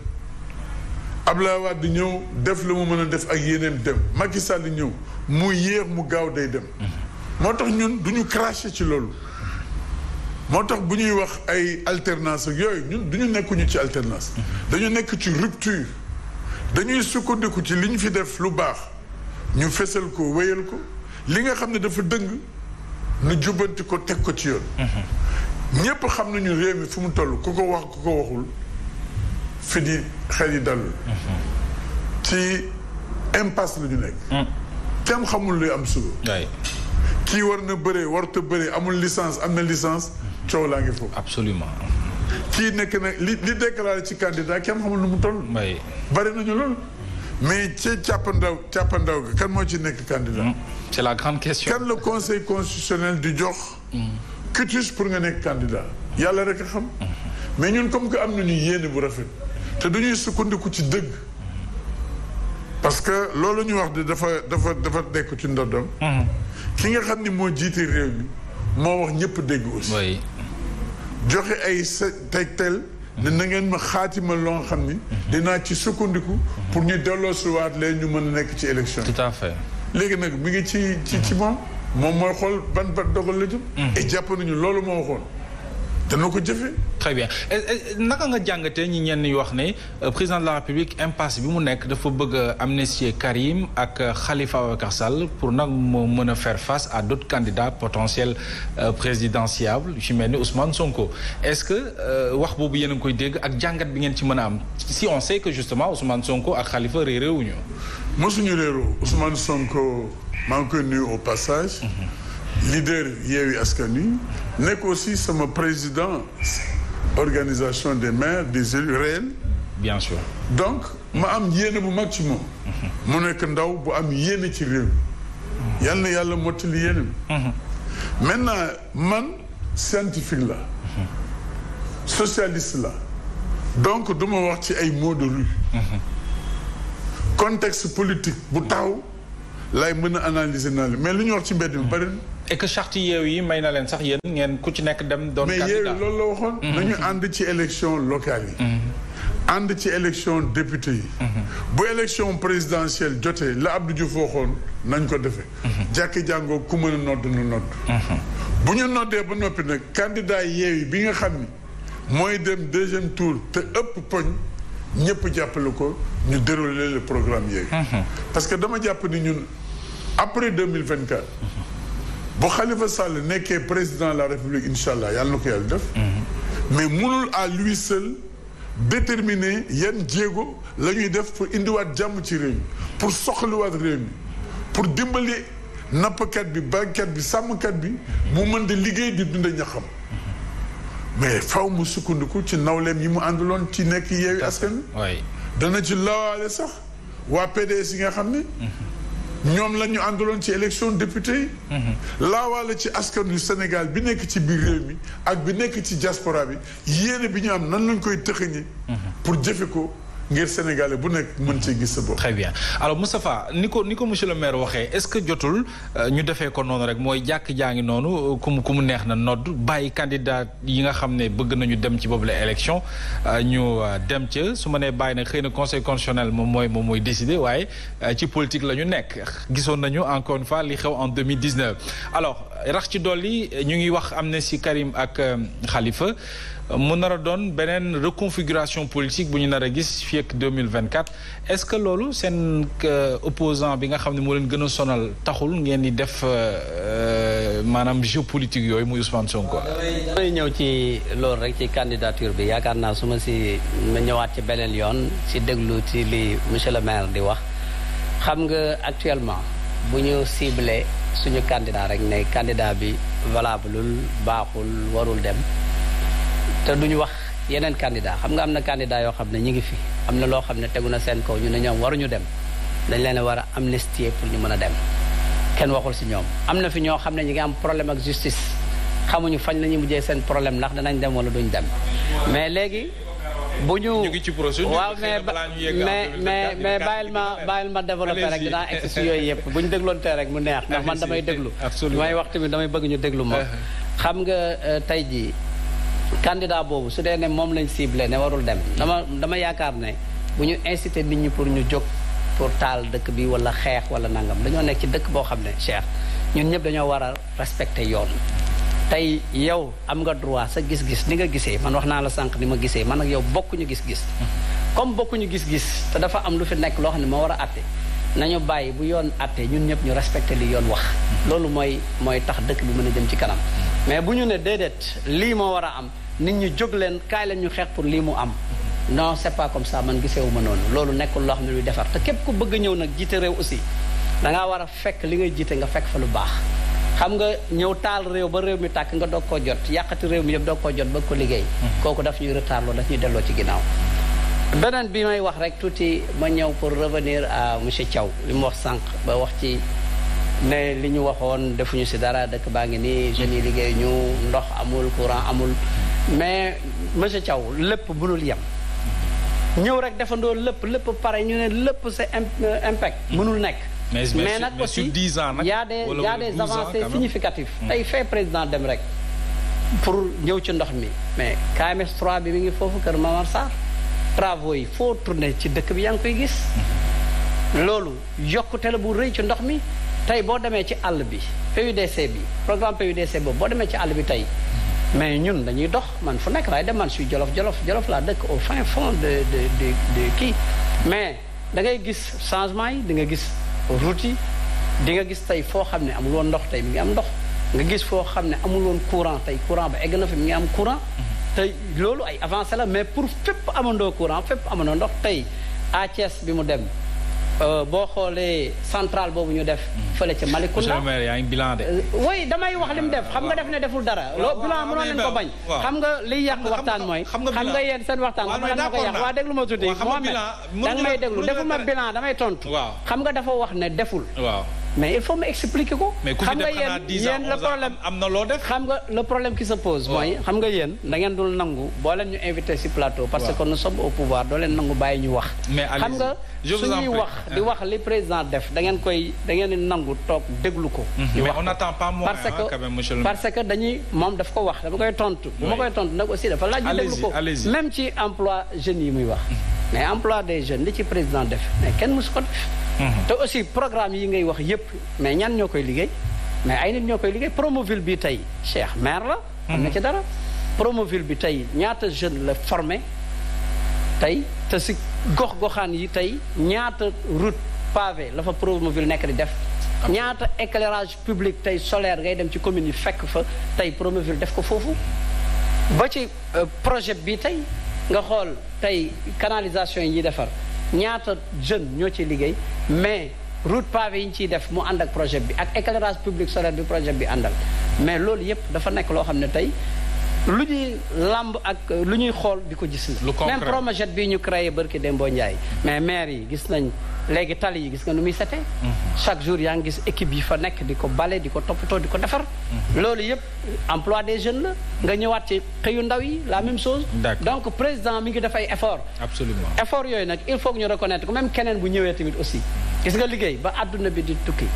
ab Abdoulaye Wade ñëw def la mu mën a def ak yeneen dem Macky Sall ñëw mu yéex mu gaaw day dem. moo tax ñun du ñu craché ci loolu. moo tax bu ñuy wax ay alternance yooyu ñun du ñu nekkuñu ci alternance. dañu nekk ci rupture. dañuy sukkandiku ci li ñu fi def lu baax ñu fesal ko wéyal ko li nga xam ne dafa dëng nu jubbanti ko teg ko ci yoon. ñëpp xam nañu réew mi fu mu toll ku ko wax ku ko waxul fi di xel yi dalul ci impasse la nekk mm. kenn xamul luy am suba kii war na bëree warut a bëree amul licence am na licence coow laa ngi foofu absolument kii nekk na li li déclaré ci candidat kenn xamul lu mu toll bari nañu loolu mais ci càppandaw càppandaw ga kan moo ci nekk candidat mm. c'est la grande question le conseil constitutionnel di jox mm. cutis pour nga nekk candidat yàlla rek a xam mais ñun comme que am na nañu yéene bu rafet te dañuy sukkandiku ci dëgg parce que loolu ñu wax de dafa dafa dafa nekk ci ndoddam mhm. ki nga xam ni moo jiite réew mi moo wax ñëpp dégg aussi joxe ay sa tegtal ne na ngeen ma xaatima loo xam ni mhm. dinaa ci sukkandiku mhm. pour ñu delloo suwaat leen ñu mën a nekk ci élection tout léegi nag mi ngi ci ci moom moom mooy xool ban bat dogal la jëm. Mm-hmm. et jàpp nañu loolu moo waxoon dana ko jëfee. très euh, euh, naka nga jàngatee ñi ñenn ñu wax ne euh, président de la république impasse bi mu nekk dafa bëgg a amnistier Karim ak Khalifa Ababacar Sall pour nag moo mën a faire face à d' autres candidats potentiels présidentiables yu mel ni Ousmane Sonko est ce que wax boobu yéen a ngi koy dégg ak jàngat bi ngeen ci mën a am si on sait que justement Ousmane Sonko ak Khalifa réeréewuñu. mosuñu réeroo Ousmane Sonko. maa nu koy nuyu au passage. leader Yewwi Askan Wi nekk aussi sama président organisation des maires des élus réels. donc ma am yéene bu mag ci moom. mu nekk ndaw bu am yéene ci réew. yal yàlla yàlla mottali yéene. maintenant man scientifique la. socialiste la. donc du ma wax ci ay mots de rue. contexte politique bu taxaw. lay mën a analyser naa li mais lu ñu wax ci mbedd bi bëri et charte yeew yi may na leen sax yéen ngeen ku ci nekk dem doon candidat mais yeew loolu la waxoon mhm. nañu ànd ci élection locale yi mhm. ànd ci élection député yi mhm. bu élection présidentielle jotee la Abdou Diouf waxoon nañ ko defee jàkki jàngoo ku mën a nodd nu bu ñu noddee ba noppi nag candidat yeew yi bi nga xam ni mooy dem deuxième tour te ëpp poñ ñëpp jàppale ko ñu dérouler le programme yooyu. Mhm. parce que dama jàpp ni ñun après deux mille vingt quatre. bu Khalifa Sall nekkee président la République incha allah yàlla na ko yàlla def. Mhm. mais mënul à lui seul déterminer yan jéego la ñuy def pour indiwaat jàmm ci réew mi pour soxliwaat réew mi pour dimbali nappkat bi baykat bi sàmmkat bi mu mën di liggéey di dund ñaxam. mais faw mu sukkandiku ci nawleem yi mu ànduloon ci nekk yeewi askan wi dana ci lawaale sax waa PDS yi nga xam ni ñoom la ñu àndaloon ci élection député yi mhm. laawaale ci askan yu Sénégal bi nekk ci biir réew mi ak bi nekk ci jaspora bi yéene bi ñu am nan lañ koy tëxëñe mhm. pour jëfe ko ngir sénégalais bu nekk mën ci gis sa bopp. très bien alors Moustapha ni ko ni ko monsieur le maire waxee est-ce que jotul euh, ñu defee ko noonu rek mooy jàkk jaa ngi noonu euh, ku mu ku mu neex na nodd bàyyi candidat yi nga xam ne bëgg nañu dem ci boobu la élection euh, ñu dem ca su ma nee bàyyi na xëy na conseil constitutionnel moom mooy moom mooy décider waaye ci politique la ñu nekk gisoon nañu encore une li xew en 2019 alors rax ci dolli ñu ngi wax am na si Karim ak xalifa mu nar a doon beneen reconfiguration politique bu ñu nar a gis fii ak 2024 est-ce que loolu seen euh, opposant bi nga xam ne moo leen gën a sonal taxul ngeen di def euh, euh, maanaam géopolitique yooyu muy Ousmane Sonko. damay ñëw ci loolu rek ci candidature bi yaakaar naa su si ma ñëwaat ci beneen yoon si déglu ci li monsieur le maire di wax xam nga actuellement bu ñu cible suñu candidat rek ne candidat bi valableul baaxul warul dem. te duñu wax yeneen kandidaa xam nga am na candidat yoo xam ne ñu ngi fi am na loo xam ne tegu na seen kaw ñu ne ñoom waruñu dem dañ leen a war a amnistier pour ñu mën a dem kenn waxul si ñoom am na fi ñoo xam ne ñu ngi am problème ak justice xamuñu fañ la ñuy mujjee seen problème ndax danañ dem wala duñ dem mais léegi bu ñu ñu ngi ci procédure waaw mais mais mais mais bàyyil ma bàyyil ma développé rek dinaa egg yooyu yëpp bu ñu tee rek mu neex ndax man damay déglu may waxtu mi damay bëgg ñu déglu ma uh-huh. xam nga euh, tey jii candidat boobu su dee ne moom lañ ciblé ne warul dem dama dama yaakaar ne bu ñu incité nit ñi pour ñu jóg pour taal dëkk bi wala xeex wala nangam dañoo nekk ci dëkk boo xam ne Cheikh ñun ñëpp dañoo war a yoon. tey yow am nga droit sa gis-gis ni nga gisee man wax naa la sànq ni ma gisee man ak yow bokkuñu gis-gis. comme bokkuñu gis-gis te dafa am lu fi nekk loo xam ne moo war a àtte nañu bàyyi bu yoon àtte ñun ñëpp ñu respecté li yoon wax. loolu mooy mooy tax dëkk bi mën a dem ci kanam. nit ñi jóg leen kaay leen ñu xeex pour lii mu am non c'est pas comme ça man gisewu ma noonu loolu nekkul loo xam ne luy defar te képp ku bëgg ñëw nag jiite réew aussi da war a fekk li ngay jiite nga fekk fa lu baax xam nga ñëw taal réew ba réew mi tàkk nga doog koo jot yàqati réew mi yëpp doog koo jot ba ko liggéey mm-hmm. kooku daf ñuy retard loolu daf ñuy delloo ci ginnaaw beneen bi may wax rek tuuti ma ñëw pour revenir à monsieur Thiaw li mu wax sànq ba wax ci ne li ñu waxoon defuñu si dara dëkk baa ngi nii jeunes yi liggéey ñu ndox amul courant amul mais monsieur Thiaw lépp mënul yem ñëw rek defandoo lépp lépp pare ñu ne lépp c'est euh, impact hmm. mënul nekk mais mais nag aussi y a des y a des avancées significatives hmm. tey fee président dem rek pour ñëw ci ndox mi mais KMS trois bi mi ngi foofu kër Mamar Sarr travaux yi foo tourné ci dëkk bi yaa ngi koy gis hmm. loolu yokkute la bu rëy ci ndox mi tey boo demee ci àll bi PUDC bi programme PUDC boobu boo demee ci àll bi tey mais ñun dañuy dox man fu nekk laay dem man suy jolof jolof jolof laa dëkk au fin fon de de de kii mais da ngay gis changement yi di nga gis route yi di nga gis tey foo xam ne amul ndox tey mi ngi am ndox nga gis foo xam ne amul woon courant tey courant ba egg na fi mi ngi am courant mm-hmm. tey loolu ay avancé la mais pour fépp amandoo courant fépp amandoo ndox tey ACS bi mu dem Euh, boo xoolee centrale boobu ñu def. Hmm. fële ca Malicounda monsieur le maire yaa euh, damay wax li mu def xam nga def ne deful dara. loo bilan mënoon nañu ko bañ. xam nga liy yàq waxtaan mooy. xam nga yéen seen waxtaan xam nga lan ko yàq. waaw déglu ma tuuti Mohamed da nga may déglu deful ma bilan damay tontu. xam nga dafa wax ne deful. waaw. mais il faut ma expliquer ko. xam nga yéen le problème am na loo def. xam nga le problème qui se pose. mooy xam nga yéen da ngeen dul nangu boo leen ñu invité si plateau. parce que nous sommes au pouvoir doo leen nangu bàyyi ñu wax. mais xam nga su ñuy wax di wax li président def da ngeen koy da ngeen di nangu toog déglu ko. Mhm. wax mais on n'attend pas parce que dañuy moom daf ko wax dama koy tontu. bu ma koy tontu nag aussi dafa laaj ñu déglu ko même ci emploi jeunes yi muy wax. mais emploi des jeunes li ci président def mais kenn mësu ko Mm-hmm. te aussi programme yi ngay wax yépp mais ñan ñoo koy liggéey mais ay nit ñoo koy liggéey Promoville bi tey Cheikh maire la. am na mm-hmm. ci dara Promoville bi tey ñaata jeune la formé tey te si gox-goxaan yi tey ñaata route pavé la fa Promoville nekk di def. ñaata éclairage public tey solaire ngay dem ci commune yi fekk fa tey Promoville def ko foofu. ba ci euh, projet bi tey nga xool tey canalisation yi ñuy defar. ñaata jeune ñoo ci liggéey mais route pavé yi ñu ciy def mu ànd ak projet bi ak éclairage public solaire bi projet bi àndal mais loolu yëpp dafa nekk loo xam ne tey lu ñuy làmb ak lu ñuy xool di ko gis. lu même projet bii ñu créé barki Dembo Ndiaye mais maire yi gis nañ léegi tali yi gis nga nu muy setee chaque jour yaa ngi gis équipe yi fa nekk di ko bale di ko toppatoo di ko defar mhm. loolu yëpp emploi des jeunes la nga ñëwaat ci xëyu ndaw yi la même chose donc président mi ngi def ay effort absolument effort yooyu nag il faut ñu reconnaître que même keneen bu ñëwee tamit aussi gis nga liggéey ba àdduna bi di tukki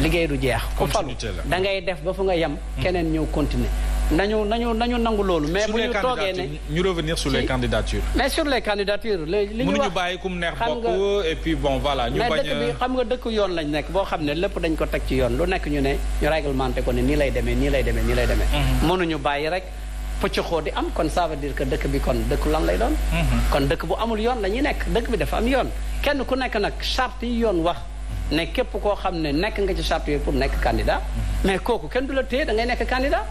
liggéey du jeex ku falu da ngay def ba fu nga yem keneen ñëw continuer nañu nañu nañu nangu loolu. mais bu ñu toogee ne ñu revenir sur les candidatures. mais sur les candidatures li ñu wax mënuñu bàyyi ku mu neex bopp bon voilà. ñu bañ mais dëkk bi xam nga dëkk yoon lañ nekk boo xam ne lépp dañ ko teg ci yoon lu nekk ñu ne ñu ne nii lay demee nii lay demee nii lay demee. Mhm. mënuñu bàyyi rek pëccëxoo di am kon ça veut dire que dëkk bi kon dëkk lan lay doon. Mhm. kon dëkk bu amul yoon la ñuy nekk dëkk bi dafa am yoon kenn ku nekk nag charte yi yoon wax. ne képp koo xam ne nekk nga ci charte yooyu pour nekk candidat mais kooku kenn du la téye da ngay nekk candidat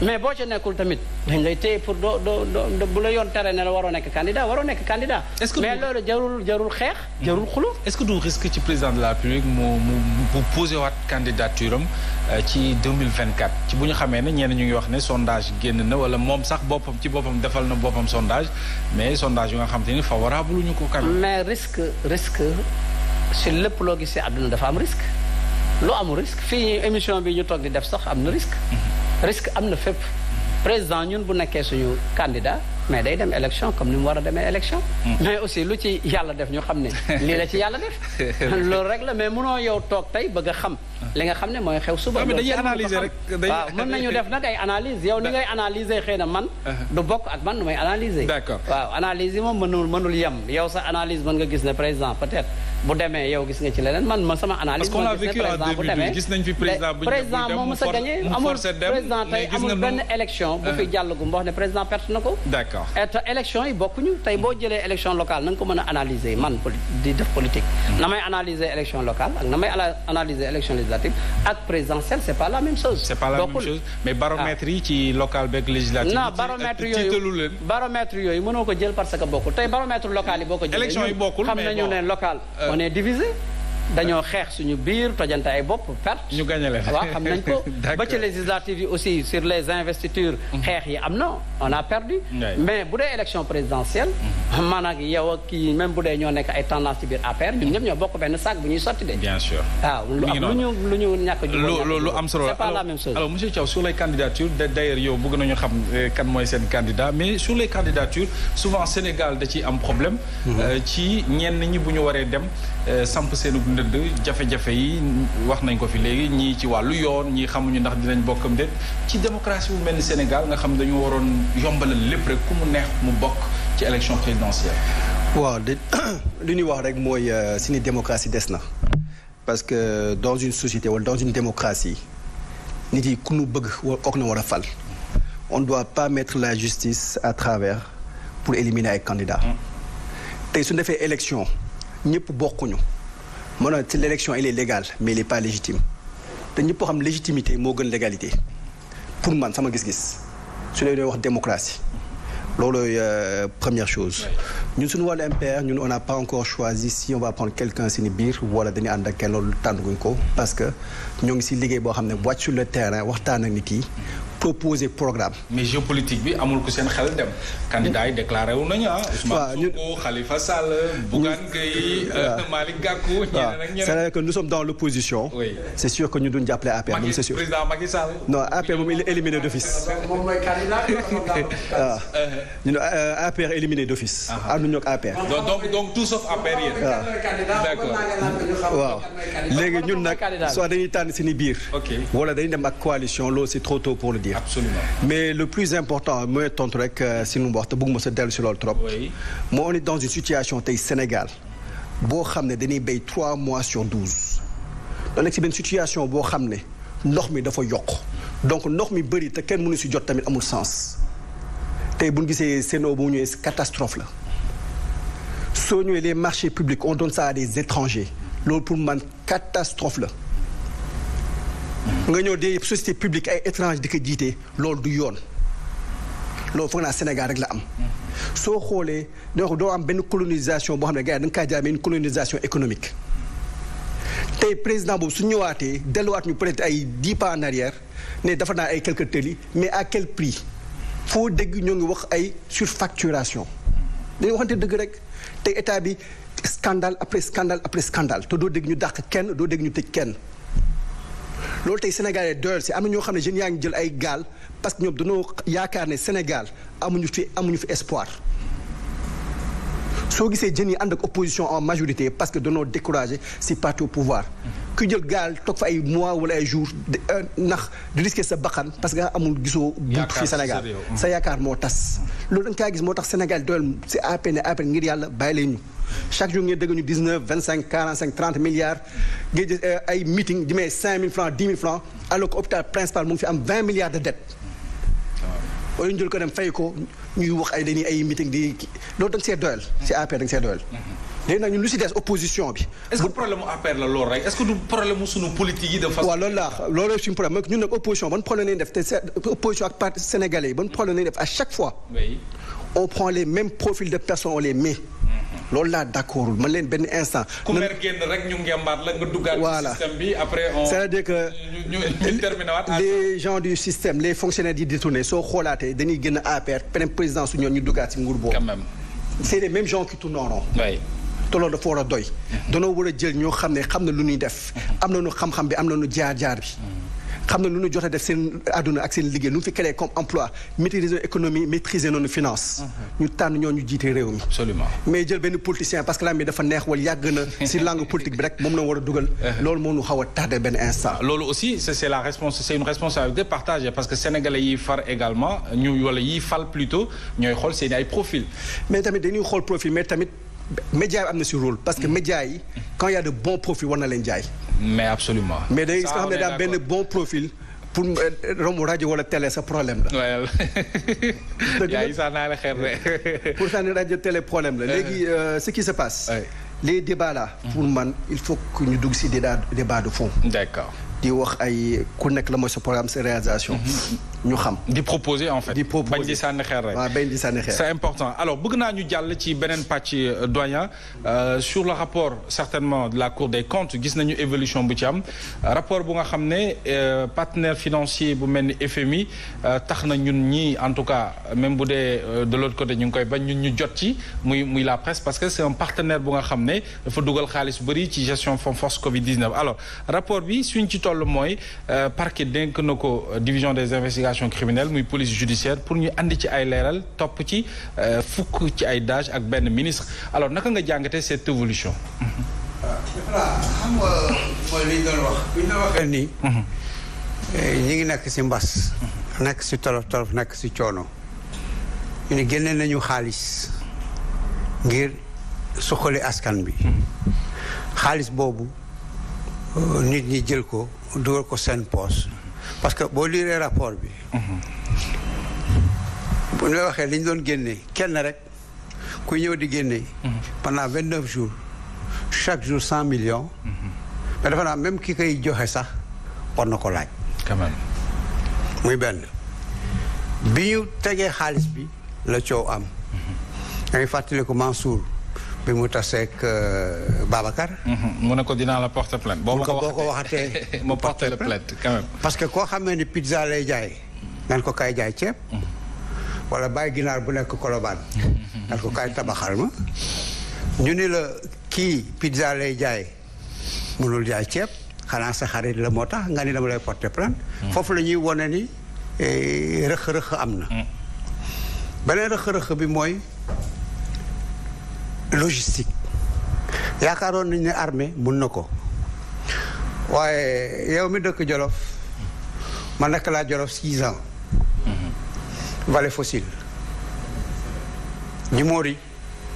mais boo ca nekkul tamit dañ lay téye pour doo doo doo bu la yoon tere ne la waroo nekk candidat waroo nekk candidat mais loolu jarul jarul xeex jarul xulu est-ce que du ci président de la République mu posé waat candidature am euh, ci 2024 ci bu ñu xamee ne ñenn ñu ngi wax ne sondage génn na wala moom sax boppam ci boppam defal na boppam sondage mais sondage yu nga xam te ni favorable ñu ko quand mais risque risque si lépp loo gis si àdduna dafa am risque lu amul risque fii émission bi ñu toog def sax am na risque risque am na fépp président ñun bu keesu suñu candidat mais day dem élection comme ni mu war a demee élection mm. mais aussi lu ci yàlla def ñu xam ne lii la ci yàlla def loolu rek la mais mënoo yow toog tey ba a xam ah. li nga xam ne mooy xew suba dañuy analyser rek waaw mën nañu def nag ay analyse yow li ngay analyser xëy na man ah. du bokk ak man nu may analyser d'accord waaw analyse yi moom mënul mënul yem yow sa analyse mën nga gis ne président peut-être bu demee yow gis nga ci leneen man man sama analyse. parce qu'on a président bu président moo mës a amul président élection bu fi ah. jàll gu wax ne président perte na ko. d'accord te élection yi bokkuñu tey boo jëlee élection locale na nga ko mën a analyser man di def politique. Hmm. na may analyser élection locale ak na may analyser élection législative présidentielle c'est pas la même chose. c'est mais baromètre ah. yi ci local beeg législative. non baromètre yooyu baromètre yooyu mënoo ko jël parce que bokkul tey baromètre local yi boo élection yi bokkul on est dañoo xeex suñu biir tojante ay bopp perte. ñu gagné leen waaw xam nañ ko. ba ci législative yi aussi sur les investitures. Mhm. xeex yi am na on a perdu. mais bu dee élection présidentielle. Mhm. maanaam yow ak kii même bu dee ñoo nekk ay tendance ci biir APR ñun ñëpp ñoo bokk benn sac bu ñuy sotti de. bien ñu ah, lu ñu lu am solo c'est la même chose. alors monsieur Thiaw sur les candidatures d'ailleurs yow bëgg nañu xam euh, kan mooy seen candidat mais sur les candidatures souvent Sénégal da ciy am problème. Mhm. Euh, ci ñenn ñi bu ñu waree dem. Euh, samp seenug ndëdd jafe-jafe yi wax nañ ko fi léegi ñii ci wàllu yoon ñii xamuñu ndax dinañ bokkam déet ci démocratie bu mel ni Sénégal nga xam dañu waroon yombalal lépp rek ku mu neex mu bokk ci élection présidentielle. waaw de li ñuy wax rek mooy euh, suñu démocratie des na parce que dans une société wala dans une démocratie nit yi ku nu bëgg war na war fal. on doit pas mettre la justice à travers pour éliminer ay candidats. Mm. tey su ñu defee élection. ñëpp bokkuñu maanaam ci l' élection il est légal mais il est pas légitime te ñëpp xam légitimité moo gën légalité pour man sama gis-gis su dee doon wax démocratie loolu euh, première chose ñun suñu wàllu ñu ñun on n'a pas encore choisi si on va prendre quelqu'un si ni biir wala dañu ànd ak kenn loolu tànn ko parce que ñoo ngi si liggéey boo xam ne wàcc sur le terrain waxtaan ak ni yi proposer programme. mais géopolitique bi amul ku seen xel dem. candidat yi déclaré wu nañu ah. waaw ñun Ousmane Sonko Khalifa Sall. Bougane Gueye euh, Malick Gakou. ñeneen ak ñeneen c'est-à-dire que nous sommes dans l'opposition. oui c'est sûr que ñu duñ jàppale APR moom c'est sûr. président Macky il est d'office. moom mooy euh, d'office. Ah ah. ànduñu ak APR. donc donc tout sauf APR yéen. waaw waaw léegi ñun nag. soit dañuy tànn seen i biir. ok wala dañuy dem ak coalition loolu c'est trop tôt pour le dire. Absolument. mais le plus important mooy tontu rek euh, si nu mu wax te dellu si loolu trop. oui moo on est dans une situation tey Sénégal boo xam ne dañuy béy trois mois sur douze. da nekk situation boo xam ne ndox mi dafa yokk donc ndox mi bëri te kenn mënu si jot tamit amul sens tey bu ñu gisee Sénégal bu ñëwee catastrophe la soo ñëwee les marché publics on donne ça à des étrangers loolu pour man catastrophe la. nga ñëw de société publique ay étrange di ko jiite loolu du yoon loolu foog naa Sénégal rek la am. soo xoolee donc doo am benn colonisation boo xam ne gars da nga kaa jaamee une colonisation économique. tey président boobu su ñëwaatee delluwaat ñu peut-être ay dix pas en arrière ne dafa naa ay quelques tëli mais à quel prix foo dégg ñoo ngi wax ay surfacturation dañu waxante dëgg rek te état bi scandale après scandale après scandale te doo dégg ñu dàq kenn doo dégg ñu tëj kenn. loolu tey sénégalais doyal si am na ñoo xam ne jeunes yaa ngi jël ay gaal parce que ñoom danoo yaakaar ne Sénégal amuñu fi amuñu fi espoir soo gisee jën yi ànd ak opposition en majorité parce que dañoo découragé si parti au pouvoir ku jël gaal toog fa ay mois wala ay jour euh, ndax di risqué sa baqan parce que amul gisoo bunt fi Sénégal sa yaakaar moo tas loolu da nga kaa gis moo tax Sénégal doyal si APN APN ngir yàlla bàyyi leen ñu chaque jour ngeen dégg ñu dix neuf vingt cinq quarante cinq trente milliards ngay gis euh, ay meeting di may cinq mille francs dix mille francs alors milliards de dettes. waaw ñu jël ko dem fay ko ñuy wax ay dañuy ay meeting di loolu da nga see doyal. Mm-hmm. si APR da nga see doyal. Mm-hmm. ñun lu si des opposition bi. est-ce que problème mu la lool rek est du problème mu sunu politique yi de façon. waaw loolu laa loolu suñu problème mooy ñun problème lañu def te opposition ak parti sénégalais yi ban problème lañu def à chaque fois. on prend les mêmes de personnes on les met. Mm. loolu laa d'accordul man leen benn instant. ku mer génn rek ñu ngembaat la nga duggaat. voilà système bi après on. c'est-à-dire que du système les fonctionnaires yi détourné soo xoolaatee dañuy génn APR beneen président su ñoon ñu duggaat si nguur boobu. quand même. c'est les mêmes gens qui tournent en rond. oui. te loolu dafa war a doy. danoo war a jël ñoo xam ne xam na lu ñuy def. Mm-hmm. am nañu xam-xam bi am na nu jaar-jaar bi. xam na lu ñu joxe def seen àdduna ak seen liggéey lu ñu fi créé comme emploi maîtriser économie maîtriser mhm. ñu tànn ñoo ñu jiite réew mi. absolument mais jël benn politicien parce que laa dafa neex wala yàgg na si langue politique bi moom la a dugal. Mhm. loolu moo ñu a tardé benn instant. loolu aussi c' est la respons c' que sénégalais yiy far également ñu fal plutôt ñooy xool seen ay profil mais tamit dañuy xool profil mais tamit. média yi am na si rôle parce que média yi quand il y a de bons profils war na leen jaay. mais absolument. mais dañuy xam ne daal benn bon profil. pour euh, romb rajo wala télé sa problème la. waaw yaa ngi sax naa la pour ça ne rajo télé problème la. léegi euh. Euh, ce qui se passe. les débats là. pour mm-hmm. man il faut que ñu dugg si débat débat de fond. di wax ay ku nekk la mooy sa programme sa réalisation. Mhm. ñu xam di proposer en fait. di proposer bañ di sànni xeer rek. waaw bañ di sànni xeer. c'est important alors bëgg naa ñu jàll ci beneen pàcc euh, doyen euh, sur le rapport certainement de la Cour des comptes gis nañu évolution bu ci am rapport bu nga xam ne euh, partenaire financier bu mel ni FMI tax na ñun ñi en tout cas même bu dee de l'autre côté ñu ngi koy bañ ñu ñu jot ci muy muy la presse parce que c'est un partenaire bu nga xam ne dafa dugal xaalis bëri ci gestion fonds force Covid toll mooy euh, parquet dénk na ko euh, division des investigations criminelles muy police judiciaire pour ñu andi ci ay leeral topp ci euh, fukk ci ay dage ak benn ministre alors naka nga jàngate cette évolution. voilà xam nga nii. ngi nekk ci mbas. nekk ci tolof tolof nekk ci génne nañu xaalis ngir suqali askan bi xaalis boobu nit ñi jël ko dugal ko seen poos parce que boo liiree rapport bi. bu ñu la waxee li doon génnee kenn rek ku ñëw di génnee. pendant vingt neuf jours chaque jour cent million mais dafa naa même ki koy joxe sax war na ko laaj. quand même. muy benn bi ñu tegee xaalis bi la coow am. da ngay fàttaliku Mansour. bi mu taseeg euh, Babacar. Mhm. mu ne ko dinaa la porte plainte. boo ma ko boo ko waxatee la parce que koo xamee ni pizza lay jaay. naan ko kaay jaay ceeb. Mhm. wala bàyyi ginaar bu nekk kolobaan. Mhm. naan ko kaay tabaxal ma. ñu ni la kii pizza lay jaay mënul jaay ceeb xanaa sa xarit la moo tax nga ni dama lay porte plainte. foofu la ñuy wone ni eh, rëq-rëq am na. beneen rëq-rëq bi mooy. logistique yaakaaroon nañ ne armée mun na ko waaye yow mi dëkk Jolof ma naka laa Jolof six ans vallée fossile Djimori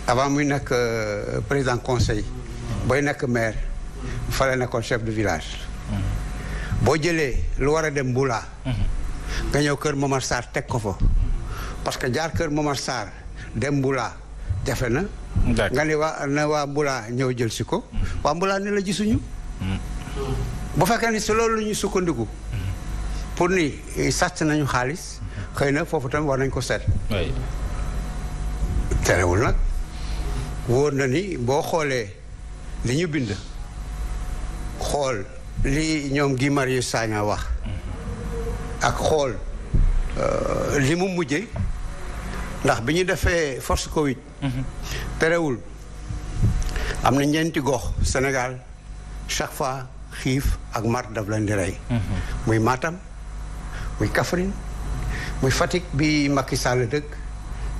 avant muy nekk euh, président conseil booy nekk maire fale nekkoon chef de village boo jëlee lu war a dem Mbula nga ñëw kër Momar Sarr teg ko fa parce que jaar kër Momar Sarr dem Mbula jafe na nga ne waa ne waa Mbula ñëw jël si ko. Mm-hmm. waa Mbula ne la gisuñu. Mm-hmm. bu fekkee ni si loolu ñu sukkandiku. Mm-hmm. pour ni eh, sàcc nañu xaalis xëy na foofu tam war nañ ko seet. terewul nag wóor na ni boo xoolee li ñu bind xool li ñoom Guy Marius Sagna wax ak xool euh, li mu mujje ndax bi ñu defee force Covid terewul am na ñeenti gox Sénégal chaque fois xiif ak mar daf leen di rey. muy Matam muy Kaffrine muy Fatick bi Macky Sall dëkk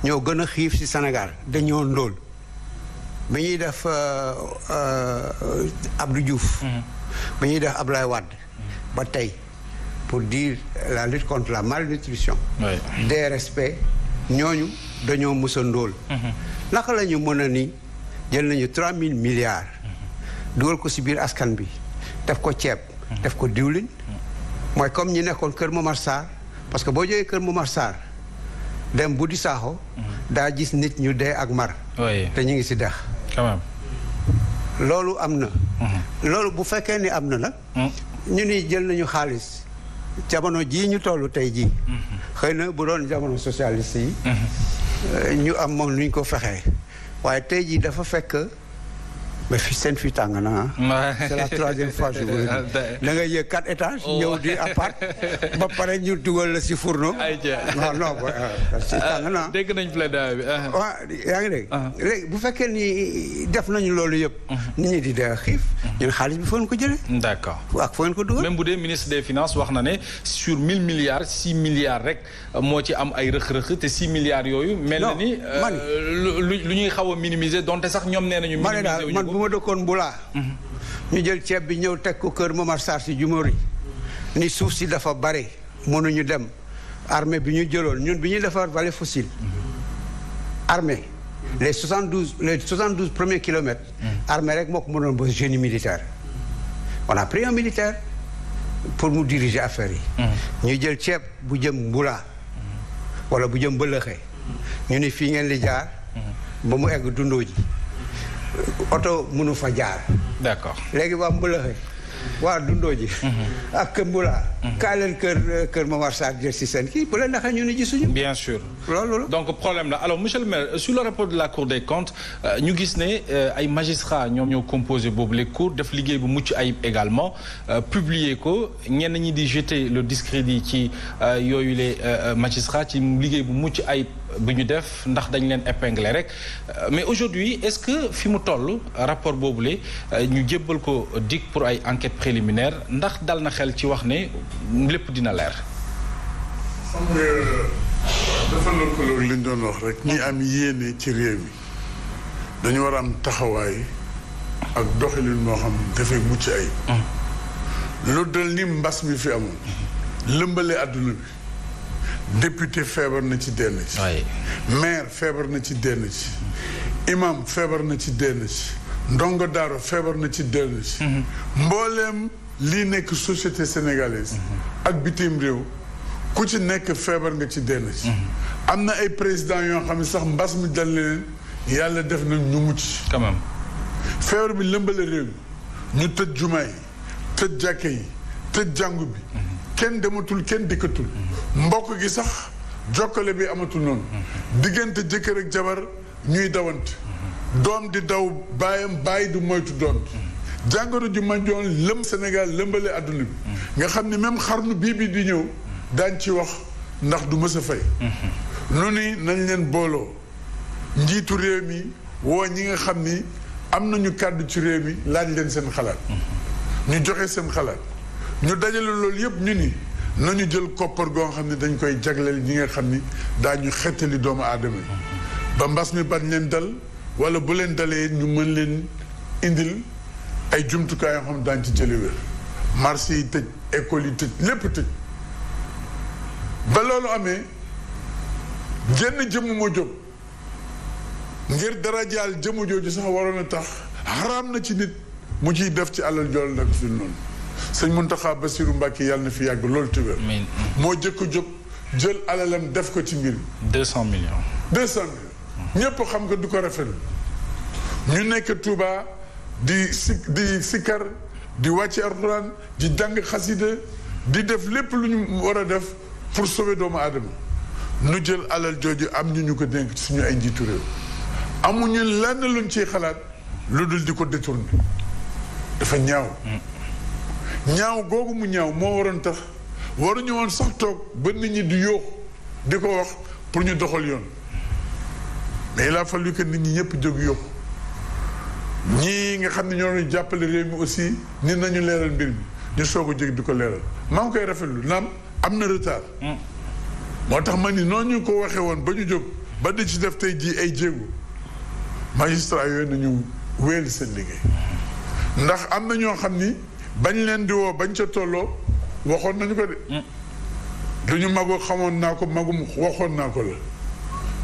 ñoo gën a xiif ci Sénégal dañoo ndóol bi ñuy def euh, euh, Abdou Diouf. bi ñuy def Abdoulaye Wade. ba tey pour dire la lutte contre la malnutrition. oui DRSP. ñooñu dañoo mës a ndóol mhm. naka la ñu mën a ni jël nañu trois mille milliards mhm. dugal ko si biir askan bi def ko ceeb mhm. def ko diwlin mooy comme ñi nekkoon Kër Momar Sarr parce que boo jógee Kër Momar Sarr dem bu di saaxo daa gis nit ñu dee ak mar te ñu ngi si dex loolu am na loolu bu fekkee ni am na nag ñu ni jël nañu xaalis jamono ji ñu toll tey jii. xëy na bu doon jamono socialiste yi. Mhm. ñu am moom nu ko fexee waaye tey ji dafa fekk. mais fi seen fi tàng na ah. c'est la troisième fois je vous le ñëw di appart ba pare ñu dugal la si fourneau. non non si tàng na ah. dégg nañ plaidoyer bi. waaw ah. yaa ah. bu fekkee ni def nañu loolu yëpp. Mhm. nit ñi di dee xiif. ñun xaalis bi foo ko jëlee. d'accord ak foo ko dugal. même bu dee ministre des finances wax na ne sur mille milliards six milliards rek moo ci am ay rëq-rëq te six milliards yooyu. mel na ni euh, lu ñuy xaw a donte sax ñoom nee nañu. minimiser bu ma dëkkoon Mbula. Mhm. ñu jël ceeb bi ñëw teg ko kër Momar Sarr si yi ni suuf si dafa bare mënuñu dem armée bi ñu jëloon ñun bi ñuy defar vallée fossile mhm. armée les 72 les 72 premiers kilomètres. Mhm. armée rek moo ko mënoon ba génie militaire. on a pris militaire pour mu diriger affaire yi. ñu jël ceeb bu jëm Mbula. wala bu jëm Bëlëxe. ñu ni fii ngeen di jaar. ba mu egg dundoo oto mënu fa jaar. d'accord léegi waa Mbulaxe waa dundoo ji. Mhm. ak Mbula. Mhm. kaa leen kër euh, kër Momar Sarr jël si seen kii bu la naxee ñu ne gisuñu. bien sûr loolu la. donc problème la alors monsieur le maire euh, sur le rapport de la cour des comptes euh, ñu gis ne ay magistrats ñoom ñoo composé boobu les ko def liggéey bu mucc ayib également publier ko ñenn ñi di jeter le discrédit ci yooyu les magistrats ci liggéey bu mucc ayib. bi ñu def ndax dañu leen épingler rek euh, mais aujourd'hui est-ce que fi mu toll rapport boobule euh, ñu jébbal ko DIC pour ay enquête préliminaire ndax dal na xel ci wax ne lépp dina leer xam li doon wax rek ñi am yéene ci réew mi dañu war am taxawaay ak doxalin moo xam dafay mucc ay mm. lu dal ni mbas mi fi amoon lëmbale àdduna bi député feebar na ci dénn ci maire feebar na ci dénn ci imam feebar na ci dénn ci ndongo daaro feebar na ci dénn ci mhm. mbooleem lii nekk société sénégalaise mhm. ak bitim réew ku ci nekk feebar nga ci dénn ci mhm. am na ay président yoo xam ne sax mbas mu dal leen yàlla def na ñu mucc quand même feebar bi lëmbale réew ñu tëj jumaa yi tëj jàkke yi tëj jàngu bi kenn dematul kenn dikkatul mbokk gi sax jokkale bi amatul noonu diggante jëkkër ak jabar ñuy dawante doom di daw baayam bàyyi du moytu doom jàngoro ju ma joon lëm Sénégal lëmbale àdduna bi nga xam ni même xarnu bii bi di ñëw daañ ci wax ndax du mës a fay ni nañ leen booloo njiitu réew mi woo ñi nga xam ni am nañu kàddu ci réew mi laaj leen seen xalaat ñu joxe seen xalaat ñu dajale loolu yëpp ñu ni nañu jël koppar goo xam ne dañ koy jagleel ñi nga xam ni daañu xettali doomu aadama yi ba mbas mi bañ leen dal wala bu leen dalee ñu mën leen indil ay jumtukaay yoo xam daañ ci jëli wér marché yi tëj école yi tëj lépp tëj ba loolu amee jenn jëmm moo jóg ngir darajaal jëmm jooju sax waroon a tax xaraam na ci nit mu ciy def ci alal jool nag fi noonu sëñ Muntaxa Basiru Mbàkke yàlla na fi yàgg loolu tëbër moo jëkk jóg jël alalam def ko ci mbir mi deux cent millions deux ñépp xam nga di ko rafetlu ñu nekk Touba di si di sikkar di wàcce alxuraan di jàng xasida di def lépp lu ñu war a def pour sauver doomu aadama nu jël alal jooju am ñu ñu ko denk suñu ay njiitu réew amuñu lenn luñ ciy xalaat lu dul di ko détourné dafa ñaaw mm. ñaaw googu mu ñaaw moo waroon tax waruñu woon sax toog ba nit ñi di yóox di ko wax pour ñu doxal yoon mais il a fallu que nit ñi ñëpp jóg yóox ñii nga xam ne ñoo jàppale réew mi aussi nañu leeral mbir mi ñu soog a jóg di ko leeral maa ngi koy rafetlu naam am na retard. Hmm. tax ma ni noonu ñu ko waxee woon ba ñu jóg ba di ci def tey jii ay jéego magistrat yooyu nañu wéyal seen liggéey ndax am na ñoo xam ni. bañ leen di woo bañ ca tolloo waxoon nañu ko de mm. du ñu xamoon naa ko magum waxoon naa ko la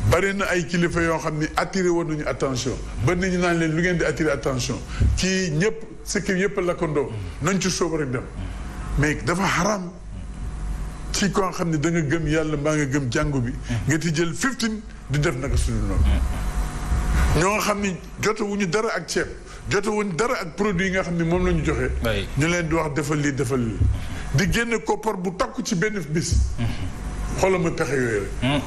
bari na ay kilifa yoo xam ne attiré woon nañu attention ba nit ñu naan leen lu ngeen di attiré attention ci ñëpp sikkim yëpp lakkandoo nañ ci sóob rek dem mais dafa xaram ci koo xam ne danga gëm yàlla mbaa nga gëm jàngu bi mm. nga ti jël 15 di def nag suñu noonu mm. ñoo xam ni jotewuñu dara ak ceeb jotewuñ dara ak produit yi nga xam ne moom la ñu joxe. ñu leen di wax defal lii defal lii. di génne koppar bu takku ci benn bis. xoolal ma pexe yooyu rek. Hmm.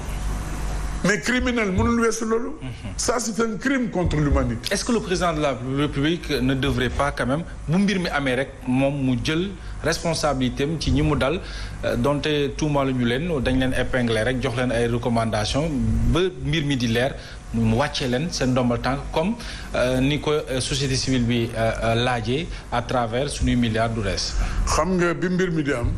mais criminel mënul weesu loolu. sa hmm. c' est un crime contre l'humanité. est ce que le président de la république ne devrait pas quand bu mbir mi amee rek moom mu jël responsabilité am ci ñi mu dal euh, donte ñu leen dañ leen épingler rek jox leen ay recommandation ba mbir mi di leer mu wàccee leen seen ndombal tànk comme euh, ni ko euh, société civile bi euh, laajee à travers suñuy milliards du rees xam nga bi mbir mi di am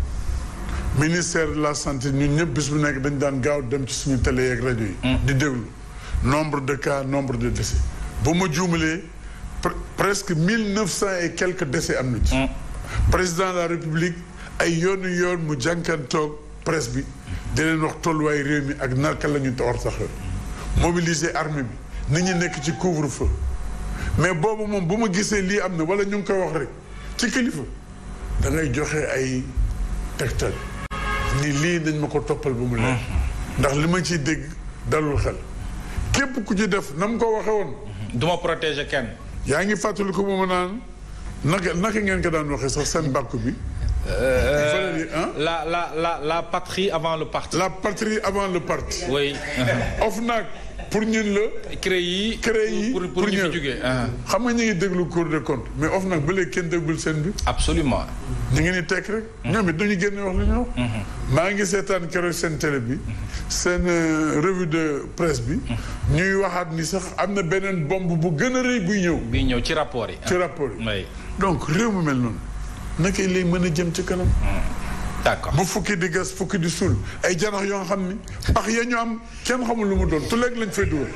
ministère de la santé ñun ñëpp bis nekk dañ daan gaaw dem ci suñu télé yeeg rajo yi. Mm. di déglu nombre de cas nombre de décès. bu ma juumalee presque mille neuf cent et quelques décès am na mm. président la république ay yoonu yoon mu jànkantoog presse bi. di leen wax tolluwaay réew mi ak narka la ñu war mobiliser armée bi ni ñi nekk ci couvre-feu mais boobu moom bu ma gisee lii am na wala ñu ngi koy wax rek ci kilifa dangay joxe ay tegtal ni lii dañ ma ko toppal ba mu leer mm-hmm. ndax li ma ciy dégg dalul xel képp ku ci def na mu ko waxe woon mm-hmm. du ma protéger kenn yaa ngi fàttali ko mooma naan naka naka ngeen ko daan waxee sax seen bàkku bi Euh, la la la la patrie avant le parti. la patrie avant le parti. oui. OFNAC pour ñun la. CREI CREI pour pour ñu fi jugee. xam nga ñu ngi déglu Cour des comptes mais OFNAC ba léegi kenn déggul seen bi. absolument. ñu ngi ni tekk mm-hmm. ñoom it dañu génne wax li ñu mm-hmm. maa ngi seetaan keroog seen télé bi. Mm-hmm. seen euh, revue de presse bi. ñuy waxaat ni sax am na beneen bomb bu gën a rëy buy ñëw. buy ñëw ci rapport yi. ci rapport yi donc réew mu mel noonu. naka lay mën a jëm ci kanam. Hmm. d'accord bu fukki di gas fukki di suul ay janax yoo xam ni pax ya ñu am kenn xamul lu mu doon tu léegi lañ fay dugal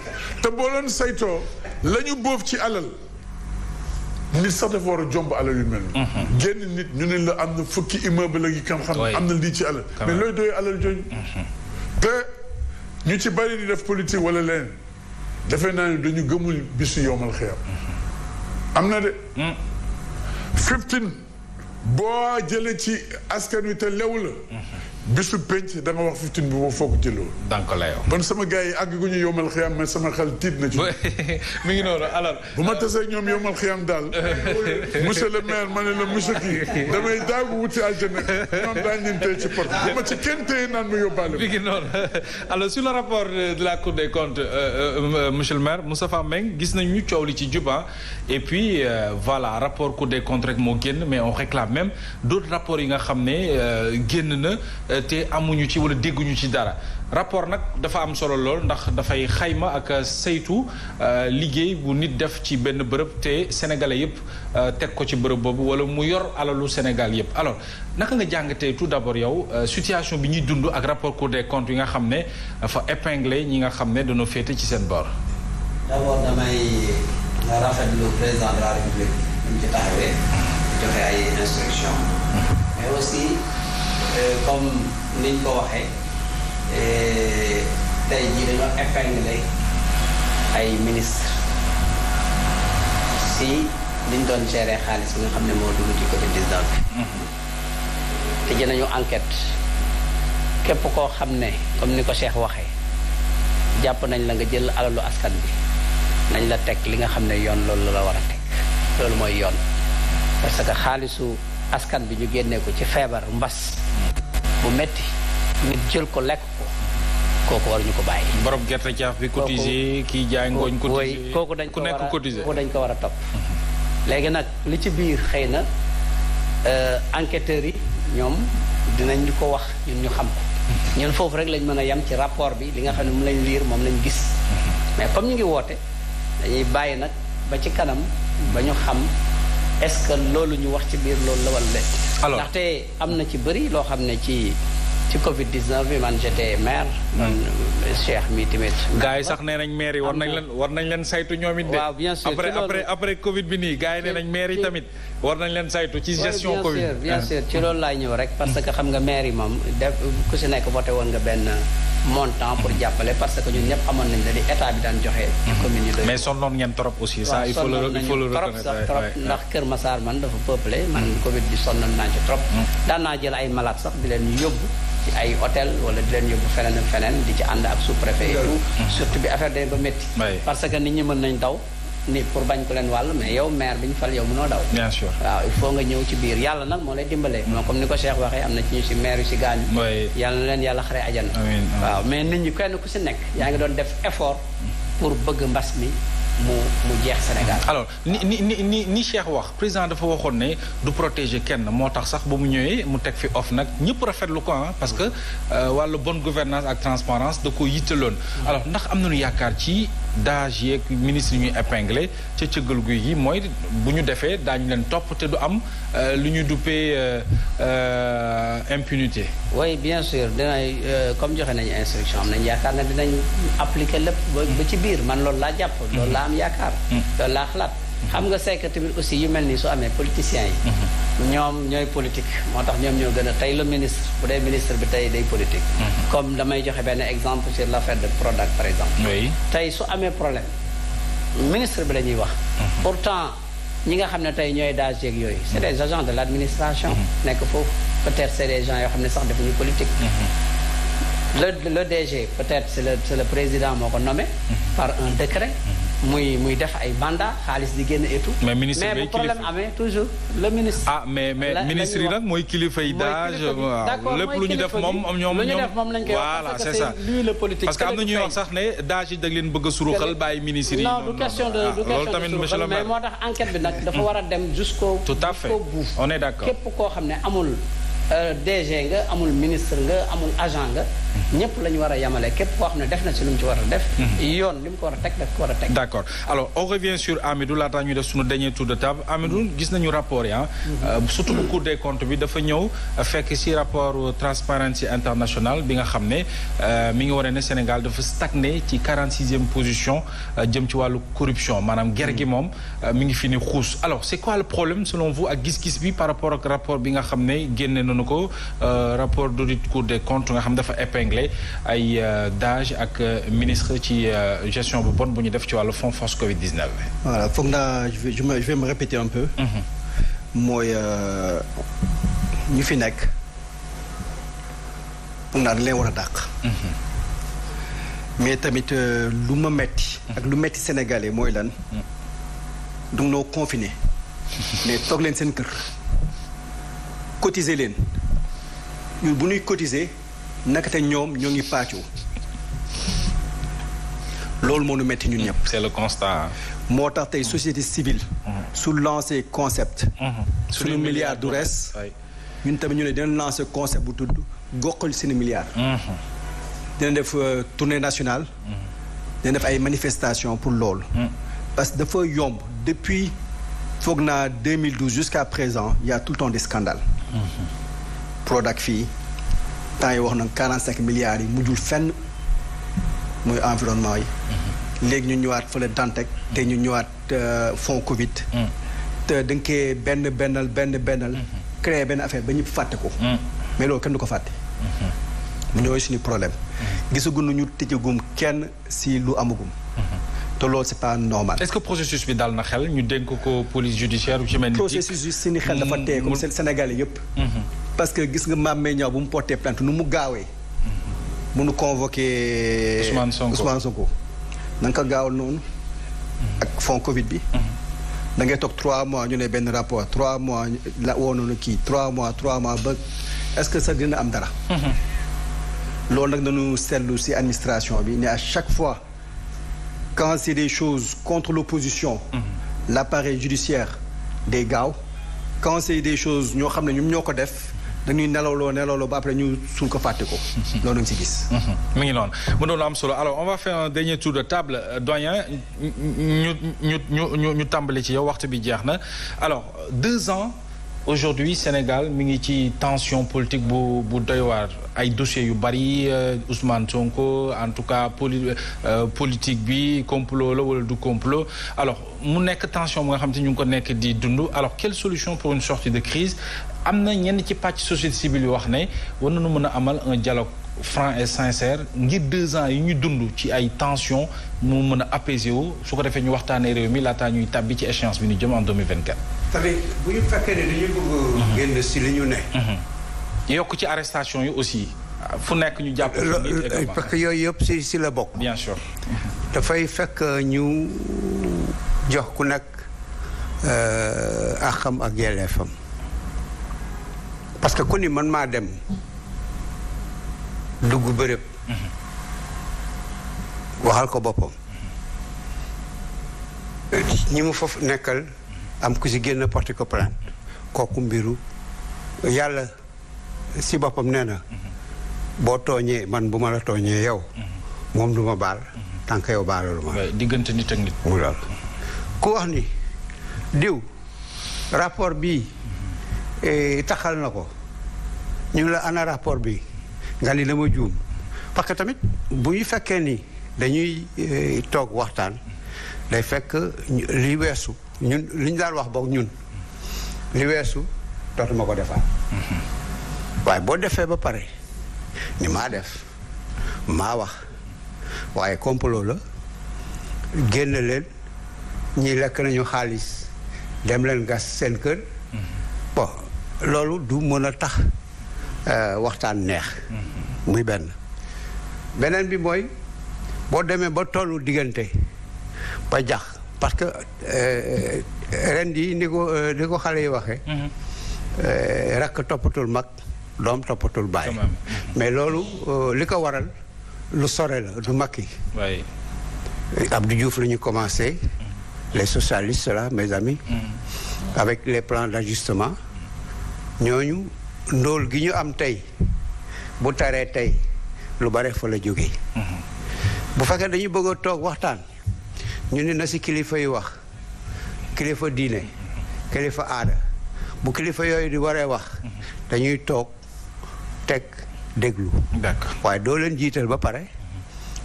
te boo doon saytoo lañu ñu ci alal nit sax dafa war a jomb alal yu mel ni hmm. génn nit ñu ne la am na fukki immeuble yi kam xam na lii ci alal mais looy doy alal jooju hmm. te ñu ci bari di def politique wala leen dafay naa ne dañu gëmul bisu am na de boo jëlee ci askan wi te lew la bisu penc da nga wax fiftin bu ma foog jëloo. donc la yow. man sama gars yi àgg gu ñu yomal xiyam mais sama xel tiit na ci. mi ngi noonu alors. bu ma tasee ñoom yomal xiyam daal. monsieur le maire ma ne la monsieur kii damay daagu wuti àjjana ñoom daañu leen téye ci porte bi ma ci kenn téye naan ma yóbbaale. mi ngi noonu alors sur le rapport de la cour des comptes euh, euh, euh, monsieur le maire Moustapha Mbengue gis nañu ñu coow li ci juba et puis voilà rapport cour des moo génn mais on réclame même d' autres yi nga xam ne génn na. Euh, te amuñu ci wala dégguñu ci dara rapport nag dafa am solo lool ndax dafay xayma ak euh, saytu euh, liggéey bu nit def ci benn bërëb te sénégalais yépp teg ko ci bërëb boobu wala mu yor alalu Sénégal yépp alors naka nga jàngatee tout d'abord yow situation bi ñuy dund ak rapport Cour des comptes yi nga xam ne dafa épinglé ñi nga xam ne dañoo féete ci seen bor. comme niñ ko waxee tey jii dañoo épinglé ay ministre si liñ doon gérer xaalis bi nga xam ne moo dugg ci côté président bi nañu enquête képp koo xam ne comme ni ko Cheikh waxee jàpp nañ la nga jël alalu askan bi nañ la teg li nga xam ne yoon loolu la war a teg loolu mooy yoon parce que xaalisu askan bi ñu génnee ko ci feebar mbas bu metti nit jël ko lekk ko kooku ñu ko bàyyi. borom gerte caaf bi cotisé kii jaay ngooñ cotisé kooku dañ ko war a dañ ko war a topp. Mhm. léegi nag li ci biir xëy na euh, enquêteurs yi ñoom dinañ ñu ko wax ñun ñu xam ko mhm. ñun foofu rek lañ mën a yem ci rapport bi li nga xam ne moom lañ liir moom lañ gis mhm. mais comme ñu ngi woote dañuy bàyyi nag ba ci kanam ba ñu xam. est-ce que loolu ñu wax ci biir loolu la wala lépp. alors ndaxte am na ci bëri loo xam ne ci ci Covid 19 bi man j'étais maire. Hmm. man euh, Cheikh mi tamit. gars yi sax nee nañ maire yi war nañ leen war leen saytu ñoom it de. waaw bien sûr après après après nii gars yi nee nañ maire yi tamit war nañ leen saytu ci gestion. Covid bien bien hmm. sûr ci loolu laay ñëw rek. parce que xam nga maire yi moom def ku si nekk voté woon nga benn. montant pour jàppale parce que ñun ñëpp xamoon nañ ne li état bi daan joxe. Mhm. commune yi doy mais sonnoon ngeen trop aussi. ça il faut le il faut le trop ndax Kër Massar man dafa peuplé man mhm. Covid bi sonnoon naa ci trop. Mhm. daan jël ay malaat sax di leen yóbbu. ci ay hôtel wala di leen yóbbu feneen feneen di ci ànd ak sous-préfet et tout surtout bi affaire day ba métti parce que nit ñi mën nañ daw nit pour bañ ko leen wàll mais yow maire bi ñu fal yow mënoo daw. bien sûr waaw il faut nga ñëw ci biir yàlla nag moo lay dimbalee. Mm. moo comme ni ko Cheikh waxee am na ci ñu si maire yu si gaañu. yàlla na leen yàlla xare ajana. waaw mais nit ñu kenn ku si nekk yaa ngi doon def effort pour bëgg mbas mi. mu mu jeex senegal mm. alors ni ni ni ni ni Cheikh wax président dafa waxoon ne du protéger kenn moo tax sax ba mu ñëwee mu teg fi off nag ñëpp rafetlu ko ah. parce que euh, wàllu bonne gouvernance ak transparence ko yittaloon. Mm. daaj yeeg ministre yi ñuy épinglé ca cëggal guy gi mooy bu ñu defee daañu leen topp te du am euh, lu ñu duppee euh, euh, impunité. oui bien sûr dinañ comme joxe nañu instruction am nañ yaakaar ne dinañ appliquer lépp ba ci biir man loolu laa jàpp. Mm-hmm. loolu laa am yaakaar. Mm-hmm. loolu laa xalaat. xam nga sekk tamit aussi yu mel nii su amee politiciens yi. Mhm. ñoom ñooy politique moo tax ñoom ñoo gën a tey le ministre bu dee ministre bi tey day politique. Mhm. comme damay joxe benn exemple sur l' affaire de Prodac par exemple. oui tey su amee problème ministre bi la ñuy wax. Mhm. pourtant ñi nga xam ne tey ñooy daaj yeeg yooyu. c' est agent de l' administration. nekk foofu peut être c' est des gens yoo xam ne sax defuñu politique. le le DG peut être c' le le président moo ko nommé. par un décret. muy muy def ay banda xaalis di génn et mais ministre mais bu problème amee toujours le ministre. ah mais mais ministre yi nag mooy kilifa yi daaj. lépp lu ñu def moom ñoom ñoom. lañ koy wax parce que c'est lui le politique. parce que am na ñuy wax sax ne daaj yi da leen bëgg a suruxal bàyyi ministre yi. non du question de du ah, question de suruxal mais moo tax enquête bi nag dafa war a dem jusqu'au tout à fait on est d'accord képp koo xam ne amul euh, DG nga amul ministre nga amul agent nga. ñëpp la ñu war a yamale képp koo xam ne def na si lu mu ci war a def. Mhm. yoon li mu ko war a teg daf ko war a teg. d' accord alors on revient sur Amidou laataa ñuy def suñu dernier tour de table Amidou gis nañu rapport yi ah. surtout bu Cour des comptes bi dafa ñëw euh, fekk si rapport euh, Transparency International bi nga xam ne mi ngi wane ne Sénégal dafa stagné ci 46e position jëm ci wàllu corruption maanaam ger gi mhm. moom mu ngi fi ni xuus alors c' est quoi le problème selon vous ak gis-gis bi par rapport ak rapport bi nga xam ne génne nañu ko rapport d' audit Cour des nga xam dafa épinglé. réglé ay euh, dage ak euh, ministre ci euh, gestion bu bon bu ñu def ci wàllu fonds force Covid 19. voilà foog naa je vais je vais me répéter peu. Mhm. mooy ñu fi nekk foog naa dañ leen war dàq. Mhm. mais tamit lu ma metti. ak lu metti sénégalais mooy lan. Mhm. donc noo confiné. mais toog leen seen kër. cotiser leen bu ñuy cotiser. nakate ñoom ñoo ngi pàccu loolu moo nu metti ñun ñëpp. c'est le constat. moo tax tey société civile. Mm-hmm. su lancer concept. Mm-hmm. suñu milliard du res. ñun tamit ñu ne dinañ lancer concept bu tudd goxal seeni milliard. Mm-hmm. dina def euh, tournée nationale. dina def ay manifestations pour loolu. parce que dafa yomb depuis foog na 2012 jusqu'à présent il y a tout le temps des scandales. Prodac fii. temps yi wax na 45 milliards yi mujjul fenn muy environnement yi. Mhm. léegi ñu ñëwaat fële Dantec. te ñu ñëwaat euh, fond Covid. Mm. te da nga koy benn bennal benn bennal. Mm-hmm. créer benn affaire ba ñëpp fàtte ko. Mm. mais loolu kenn du ko fàtte. Mm-hmm. mu ñëwee suñu problème. Mm-hmm. gisaguñu ñu tëjagum kenn si lu amagum. te loolu c'est pas normal. est-ce que processus bi daal na xel ñu dénk ko police judiciaire. ci mel ni processus yi seen xel dafa mm, tee comme seen Sénégalais yëpp. parce que gis nga Mame Mbaye Niang bu mu porté plainte nu mu gaawee. bu mhm. nu convoqué. Ousmane Sonko Ousmane Sonko. na ko gaawal noonu. Mhm. ak fond Covid bi. Mhm. da ngay toog trois mois ñu ne benn rapport trois mois la woo noonu kii trois mois trois mois ba est-ce que sax dina am dara. nag nañu seetlu ci administration bi chaque fois quand c'est des choses contre l'opposition l'appareil judiciaire day gaaw quand c'est des chose ñoo xam ne ñoom ñoo ko def dañuy nelawloo nelawloo ba après ñu suul ko fàtte ko. loolu lañ si gis. mi ngi noonu mu doon am solo alors on va faire un dernier tour de table doyen ñu ñu ñu ñu tàmbali ci yow waxtu bi jeex na alors deux ans. aujourd'hui Sénégal mi ngi ci tension politique bu bu doy ay dossiers yu bari euh, Ousmane Sonko en tout cas poli euh, politique bi complot la wala du complot alors mu nekk tension bu nga xam te ñu ngi ko nekk di dund alors quelle solution pour une sortie de crise am na ñenn ci pàcc société civile yu wax ne war nañu mën a amal un dialogue franc et sincère ngir deux ans yi ñu dund ci ay tension mu mën a apaiser wu su ko defee ñu waxtaanee réew mi laataa ñuy tàbbi ci échéance bi ñu jëm en 2024. tamit mhm. si mhm. yokk ci arrestation yi aussi. fu nekk ñu jàpp. parce que yooyu yëpp si si la bokk. bien sûr. dafay fekk ñu jox ku nekk axam euh, ak yelleefam. parce que ku ni man maa dem dugg bërëb waxal ko boppam ñi mu foofu nekkal am ku si génn porté ko plainte kooku mbiru yàlla si boppam nee na boo tooñee man bu ma la tooñee yow moom duma ma baal tànk yow ma diggante nit ak nit mu lool ku wax ni diw rapport bii Eh, taxal na ko ñu la ana rapport bi nga ni dama juum parce que tamit bu ñu fekkee ni dañuy eh, toog waxtaan day fekk li weesu ñun li ñu daal wax boog ñun li weesu dootuma ko defaat waaye boo defee ba pare ni maa def maa wax waaye complot la génn leen ñi lekk nañu xaalis dem leen gas seen kër loolu du mën a tax euh, waxtaan neex mm-hmm. muy benn beneen bi mooy boo demee ba tollu diggante ba jax parce que euh, ren yi ni ko euh, ni ko xale yi waxee mm-hmm. rakk toppatul mag doom toppatul bàyyi mm-hmm. mais loolu li ko waral lu sore la du mag yi du Diouf la ñu commencé les socialistes la mes amis avec les plans d'ajustement ñooñu ndóol gi ñu am tey bu taree tey lu bare fa la jóge mm-hmm. bu fekkee dañu bëgg toog waxtaan ñu ne na si kilifa yu wax kilifa diine mm-hmm. kilifa aada bu kilifa yooyu di waree wax mm-hmm. dañuy toog teg déglu waaye doo leen jiital ba pare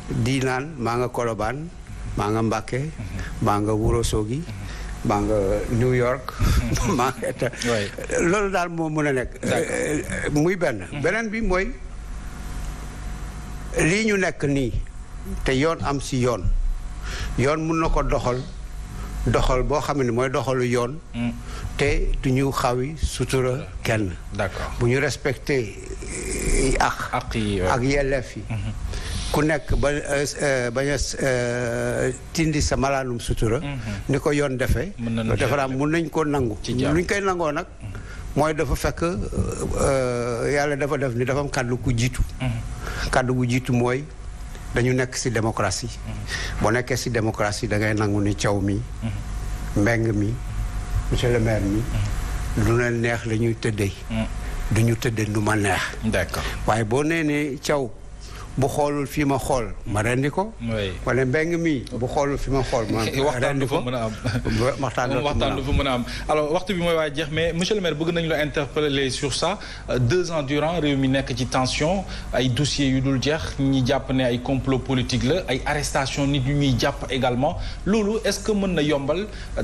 di naan maa nga kolobaan maa nga mbàkke maa nga wuro soogi maa nga uh, New York. loolu daal moo mën a nekk. muy benn. Mhm. beneen bi mooy lii ñu nekk nii te yoon am si yoon yoon mun na ko doxal doxal boo xam ne mooy doxalu yoon. Mm. te du ñu xawi sutura kenn. d'accord bu ñu respecté eh, ak. ak yelleef yi. Mhm. ku nekk ba euh, bañ a euh, tindi sa malaanum sutura. Mm-hmm. ni ko yoon defee. defaraam mun nañ koo nangu. nuñ koy nangoo nag mm-hmm. mooy dafa fekk euh, yàlla dafa def ni dafa am ku jiitu. Mm-hmm. kàddu gu jiitu mooy dañu nekk ci démocratie. boo nekkee ci démocratie dangay ngay nangu ni caw mi. mbeng mi monsieur le maire mi. lu leen neex la ñuy tëddee. du ñu tëddee nu ma neex. waaye boo nee ne caw. bu xoolul fi ma xool ma rendi ko. wala mbeng mi bu xoolul fi ma xool ma rendi ko waxtaan du fa mën a am alors waxtu bi mooy waaye jeex mais monsieur le maire bëgg nañu la interpeller sur ça euh, deux ans durant réew mi nekk ci tension ay dossiers yu dul jeex ñi jàpp ne ay complot politique la ay arrestation nit ñu ñuy jàpp également loolu est-ce que mën na yombal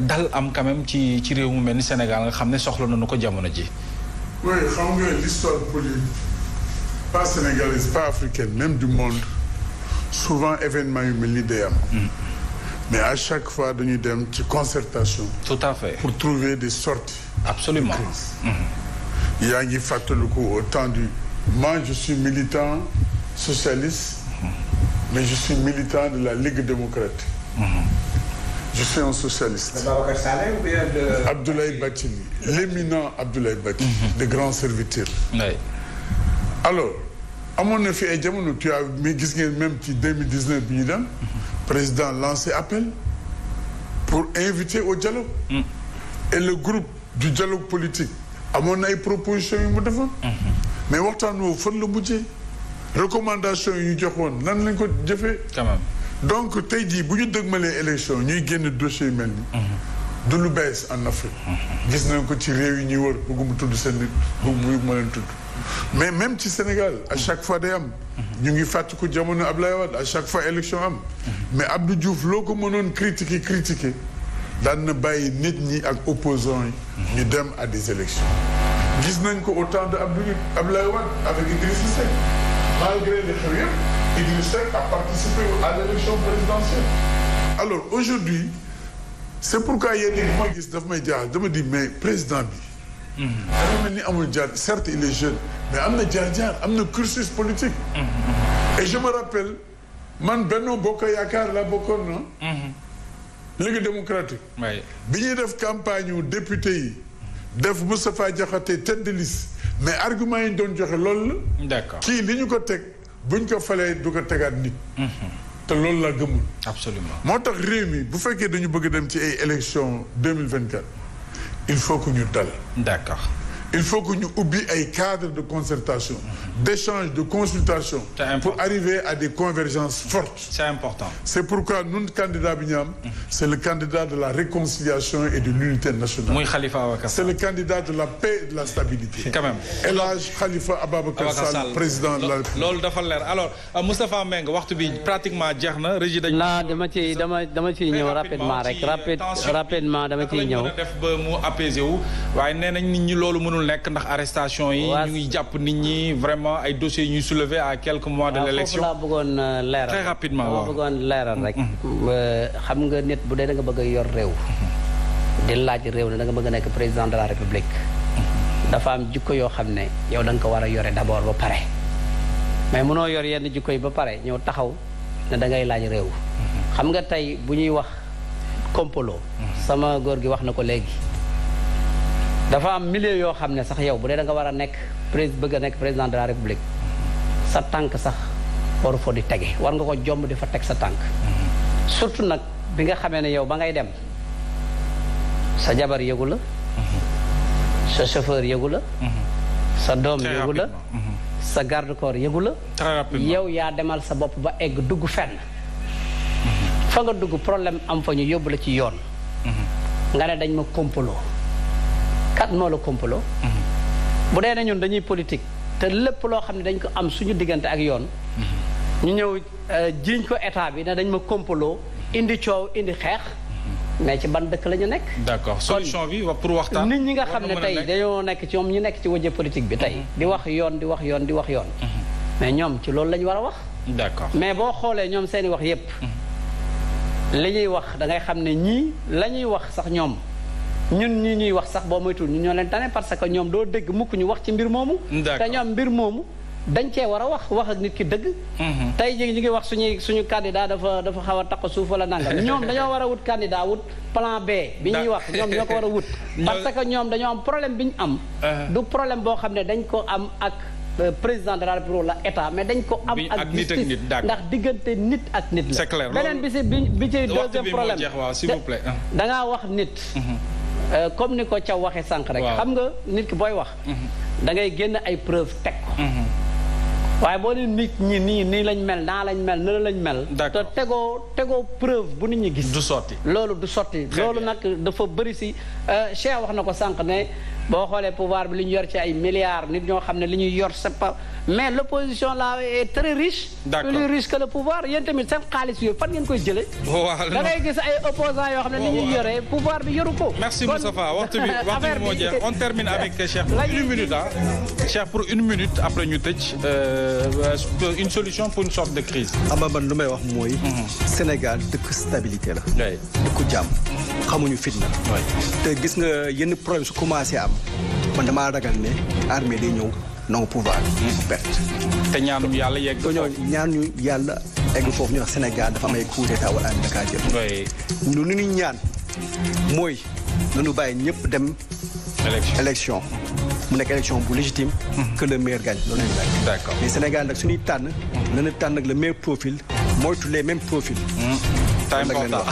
dal am quand même ci ci réew mu mel ni Sénégal nga xam ne soxla nañu ko jamono ji. pas sénégalaise pas africaine même du monde souvent événement yu mel ni day am. Mm. mais à chaque fois dañuy dem ci concertation. tout à fait pour trouver des sorties. absolument de crise. Mm-hmm. yaa ngi fàttaliku au temps du. moi je suis militant socialiste. Mm-hmm. mais je suis militant de la Ligue démocratique. Mm-hmm. je suis un socialiste. Abdoulaye Bathily l'éminent Abdoulaye Bathily. de grand serviteur. alors amoon na fi ay jamono tuyaay mais gis ngeen même ci 2019 bi ñu dem président lancé appel pour inviter au dialogue et le groupe du dialogue politique amoon na ay propositions yu mu defoon mais waxtaan woowu fan la mujjee recommandation yi ñu joxoon nan lañ ko jëfee donc tey jii bu ñu dëgmalee élection ñuy génn dossier yu mel ni du lu bees en Afrique mm-hmm. gis nañ ko ci réew yi ñuy wër bëgguma tudd seen nit bëgguma leen tudd mais même ci Sénégal à chaque fois day am ñu ngi fàttaliku jamono Ablaye Wade à chaque fois élection am mais Abdou Diouf loo ko mënoon critiquer critiquer daan na bàyyi nit ñi ak opposants yi ñu dem à des élections gis nañ ko au temps de Abdou Ablaye avec Idrissa malgré les a participé à l'élection présidentielle alors aujourd'hui c'est pourquoi yenn yi ma gis daf may jaaxal dama di mais président bi dafa mel ni amul jaar certes il est jeune mais am na jaar-jaar am na cursus politique. Mm-hmm. et je me rappelle man Benno Bokk Yaakaar laa bokkoon na. Mm-hmm. Ligue démocratique. bi ñuy def campagne yu député yi. def Moustapha Diakhaté tête de liste mais argument yi ñu doon joxe loolu la. d'accord kii li ñu ko teg bu buñ ko falee du ko tegaat nit. Mm-hmm. te loolu laa gëmul. absolument moo tax réew mi bu fekkee dañu bëgg dem ci ay élections deux mille vingt quatre il faut que ñu dal. d'accord. il faut que ñu ubbi ay cadre de concertation d'échange de consultation pour arriver à des convergences fortes c'est important c'est pourquoi nun candidat bi ñu am c'est le candidat de la réconciliation et de l'unité nationale muy Khalifa Ababacar c'est le candidat de la paix et de la stabilité quand même El Hadj Khalifa Ababacar Sall président de la République loolu dafa leer alors euh, ci dama dama ciy ñëw rapidement rek rapidement dama ciy ñëw def ba mu apaiser wu waaye nee nañ nit ñi loolu mënul nekk ndax arrestation yi. ñu ngi jàpp nit ñi vraiment ay dossiers ñuy soulever à quelques mois de l' élection waaw foofu laa bëggoon euh, leeral très rapidement waaw bëggoon mm-hmm. euh, xam nga nit bu dee da nga bëgg yor réew. di laaj réew ne da nga bëgg nekk président de la république. Mm-hmm. dafa am jikko yoo xam ne yow da ko war a yore d' abord ba pare. mais mënoo yor yenn jikko yi ba pare ñëw taxaw ne da ngay laaj réew. Mm-hmm. xam nga tey bu ñuy wax kompolo. sama góor gi wax na ko léegi. dafa am milieu yoo xam ne sax yow bu dee da nga war a nekk prés bëgg a nekk président de la république sa tànk sax waru foo di tege war nga ko jomb di fa teg sa tànk surtout nag bi nga xamee ne yow ba ngay dem sa jabar yëgu la sa chauffeur yëgu la sa doom yëgu la mhm. sa garde corps yëgu la yow yaa demal sa bopp ba egg dugg fenn mhm. fa nga dugg problème am fa ñu yóbbu la ci yoon mhm. nga ne dañ ma kompaloo kat noo la kompaloo mm-hmm. bu dee ne ñun dañuy politique te lépp loo xam ne dañ ko am suñu diggante ak yoon mm-hmm. ñu ñëw euh, jiiñ ko état bi ne dañ ma kompaloo mm-hmm. indi coow indi xeex mais ci ban dëkk la ñu nekk. d'accord solution bi pour waxtaan. nit ñi nga xam ne tey dañoo nekk ci moom ñu nekk ci wëjë politique bi tey. di wax yoon di wax yoon di wax yoon. mais ñoom ci loolu la war a wax. d'accord mais boo xoolee ñoom seeni wax yépp li ñuy wax dangay xam ne ñii lañuy wax sax ñoom. ñun ñi ñuy wax sax boo moytuwul ñun ñoo leen tane parce que ñoom doo dégg mukk ñu wax ci mbir moomu te ñoom mbir moomu dañ cee war a wax wax ak nit ki dëgg mm-hmm. tey jii ñu ngi wax suñuy suñu candidat dafa dafa xaw a taq suuf wala nangam ñoom dañoo war a wut candidat wut plan B bi ñuy ko war a wut parce que ñoom dañoo am problème bi ñu am uh-huh. du problème boo xam ne dañ ko am ak euh, président de la République la état mais dañ ko am ak justice ndax diggante nit ak nit la beneen bi si bi bi ci deuxième problème uh-huh. da ngaa wax nit mm-hmm. Euh, comme ni ko caw waxee sànq rek. xam nga nit ki booy wax. Mhm. da ngay génn ay preuve teg ko. Mhm. waaye boo ne nit ñi nii nii lañ mel naa lañ mel ne lañ mel. te tegoo tegoo preuve bu nu ñi gis. du sotti loolu du sotti. loolu nag dafa bëri si euh, Cheikh wax na ko sànq ne. boo xoolee pouvoir bi li ñu yor ci ay milliards nit ñoo xam ne li ñuy yor c'est pas mais l'opposition là est très riche plus riche que le pouvoir yéen tamit seen xaalis yooyu fan ngeen koy jëlee da ngay gis ay opposants yoo xam ne li ñuy yoree pouvoir bi yoru ko merci Moustapha waxtu bi waxtu bi moo jeex on termine avec euh, Cheikh pour une minute ah Cheikh pour une minute après ñu tëj euh, solution pour une de crise ama ah man lu may wax mooy mhm. Sénégal dëkk stabilité la dëkk jàmm ñu fitna te gis nga yenn problème su commencé am man damaa ragal ne armée day ñëw nangu pouvoir perte. te ñaanu yàlla yegg. ñoo yàlla egg foofu ñu wax Sénégal dafa am ay coup d'état wala ay dakaa jël. ñu nu ñu ñaan mooy nañu bàyyi ñëpp dem. élection mu nekk élection bu légitime. Mhm. que le meilleur gagne loolu lañ mais Sénégal nag suñuy tànn. Mhm. tànn ak le meilleur profil moytu les mêmes profils. Mhm. time important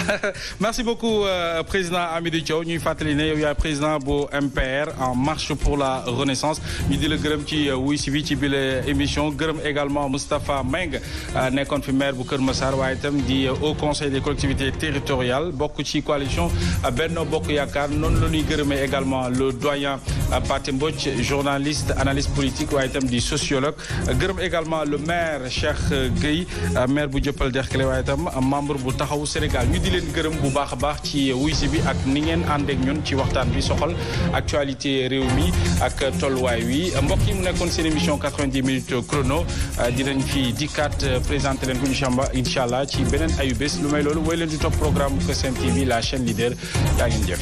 merci beaucoup euh, président Hamidou Thiaw ñuy fàttali ne yow président bu MPR en marche pour la renaissance ñu di la gërëm ci euh, wuy si bi ci bile émission gërëm également Moustapha Meng euh, nekkoon fi maire bu Kër Massar waaye itam di euh, au conseil des collectivités territoriales bokk ci coalition Benno Bokk Yaakaar noonu la ñuy gërëmee également le doyen Pathé Mbodj journaliste analyste politique waaye itam di sociologue gërëm également le maire Cheikh Gueye maire bu Dieuppeul Derklé waaye itam membre bu taxaw taxawu Sénégal ñu di leen gërëm bu baax a baax ci wuy bi ak ni ngeen àndeek ñun ci waxtaan bi soxal actualité réew mi ak tolluwaay wi mbokk yi mu nekkoon seen émission 90 minutes chrono euh, dinañ fi dikkaat euh, présenter leen ko incha allah ci beneen ayu bés lu may loolu woy leen di topp programme KSM TV la chaîne leader yaa ngeen jëf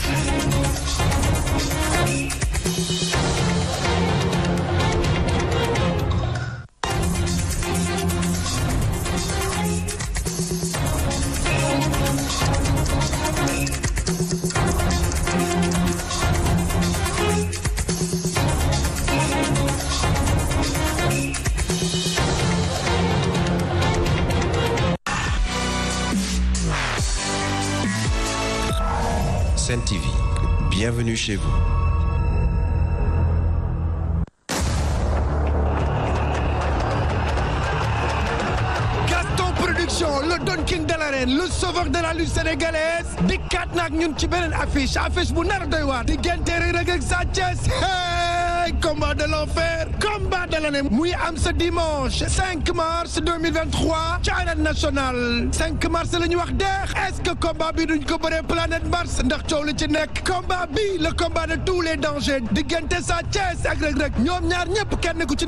bienvenue chez vous. Gaston Production le Don King de l'arène le sauveur de la lutte sénégalaise dikkaat na ak ñun ci beneen affiche affiche bu nar doy waar diggante Reug Reug ak Sa Thiès combat de l'enfer combat de l'année muy am ce dimanche 5 mars 2023 ci mars la ñu wax deex est-ce que combat bi duñ ko bëree planète mars ndax coow li ci nekk combat bi le combat de tous les dangers diggante Sa Thiès ak Reug Reug ñoom ñaar ñëpp kenn ku ci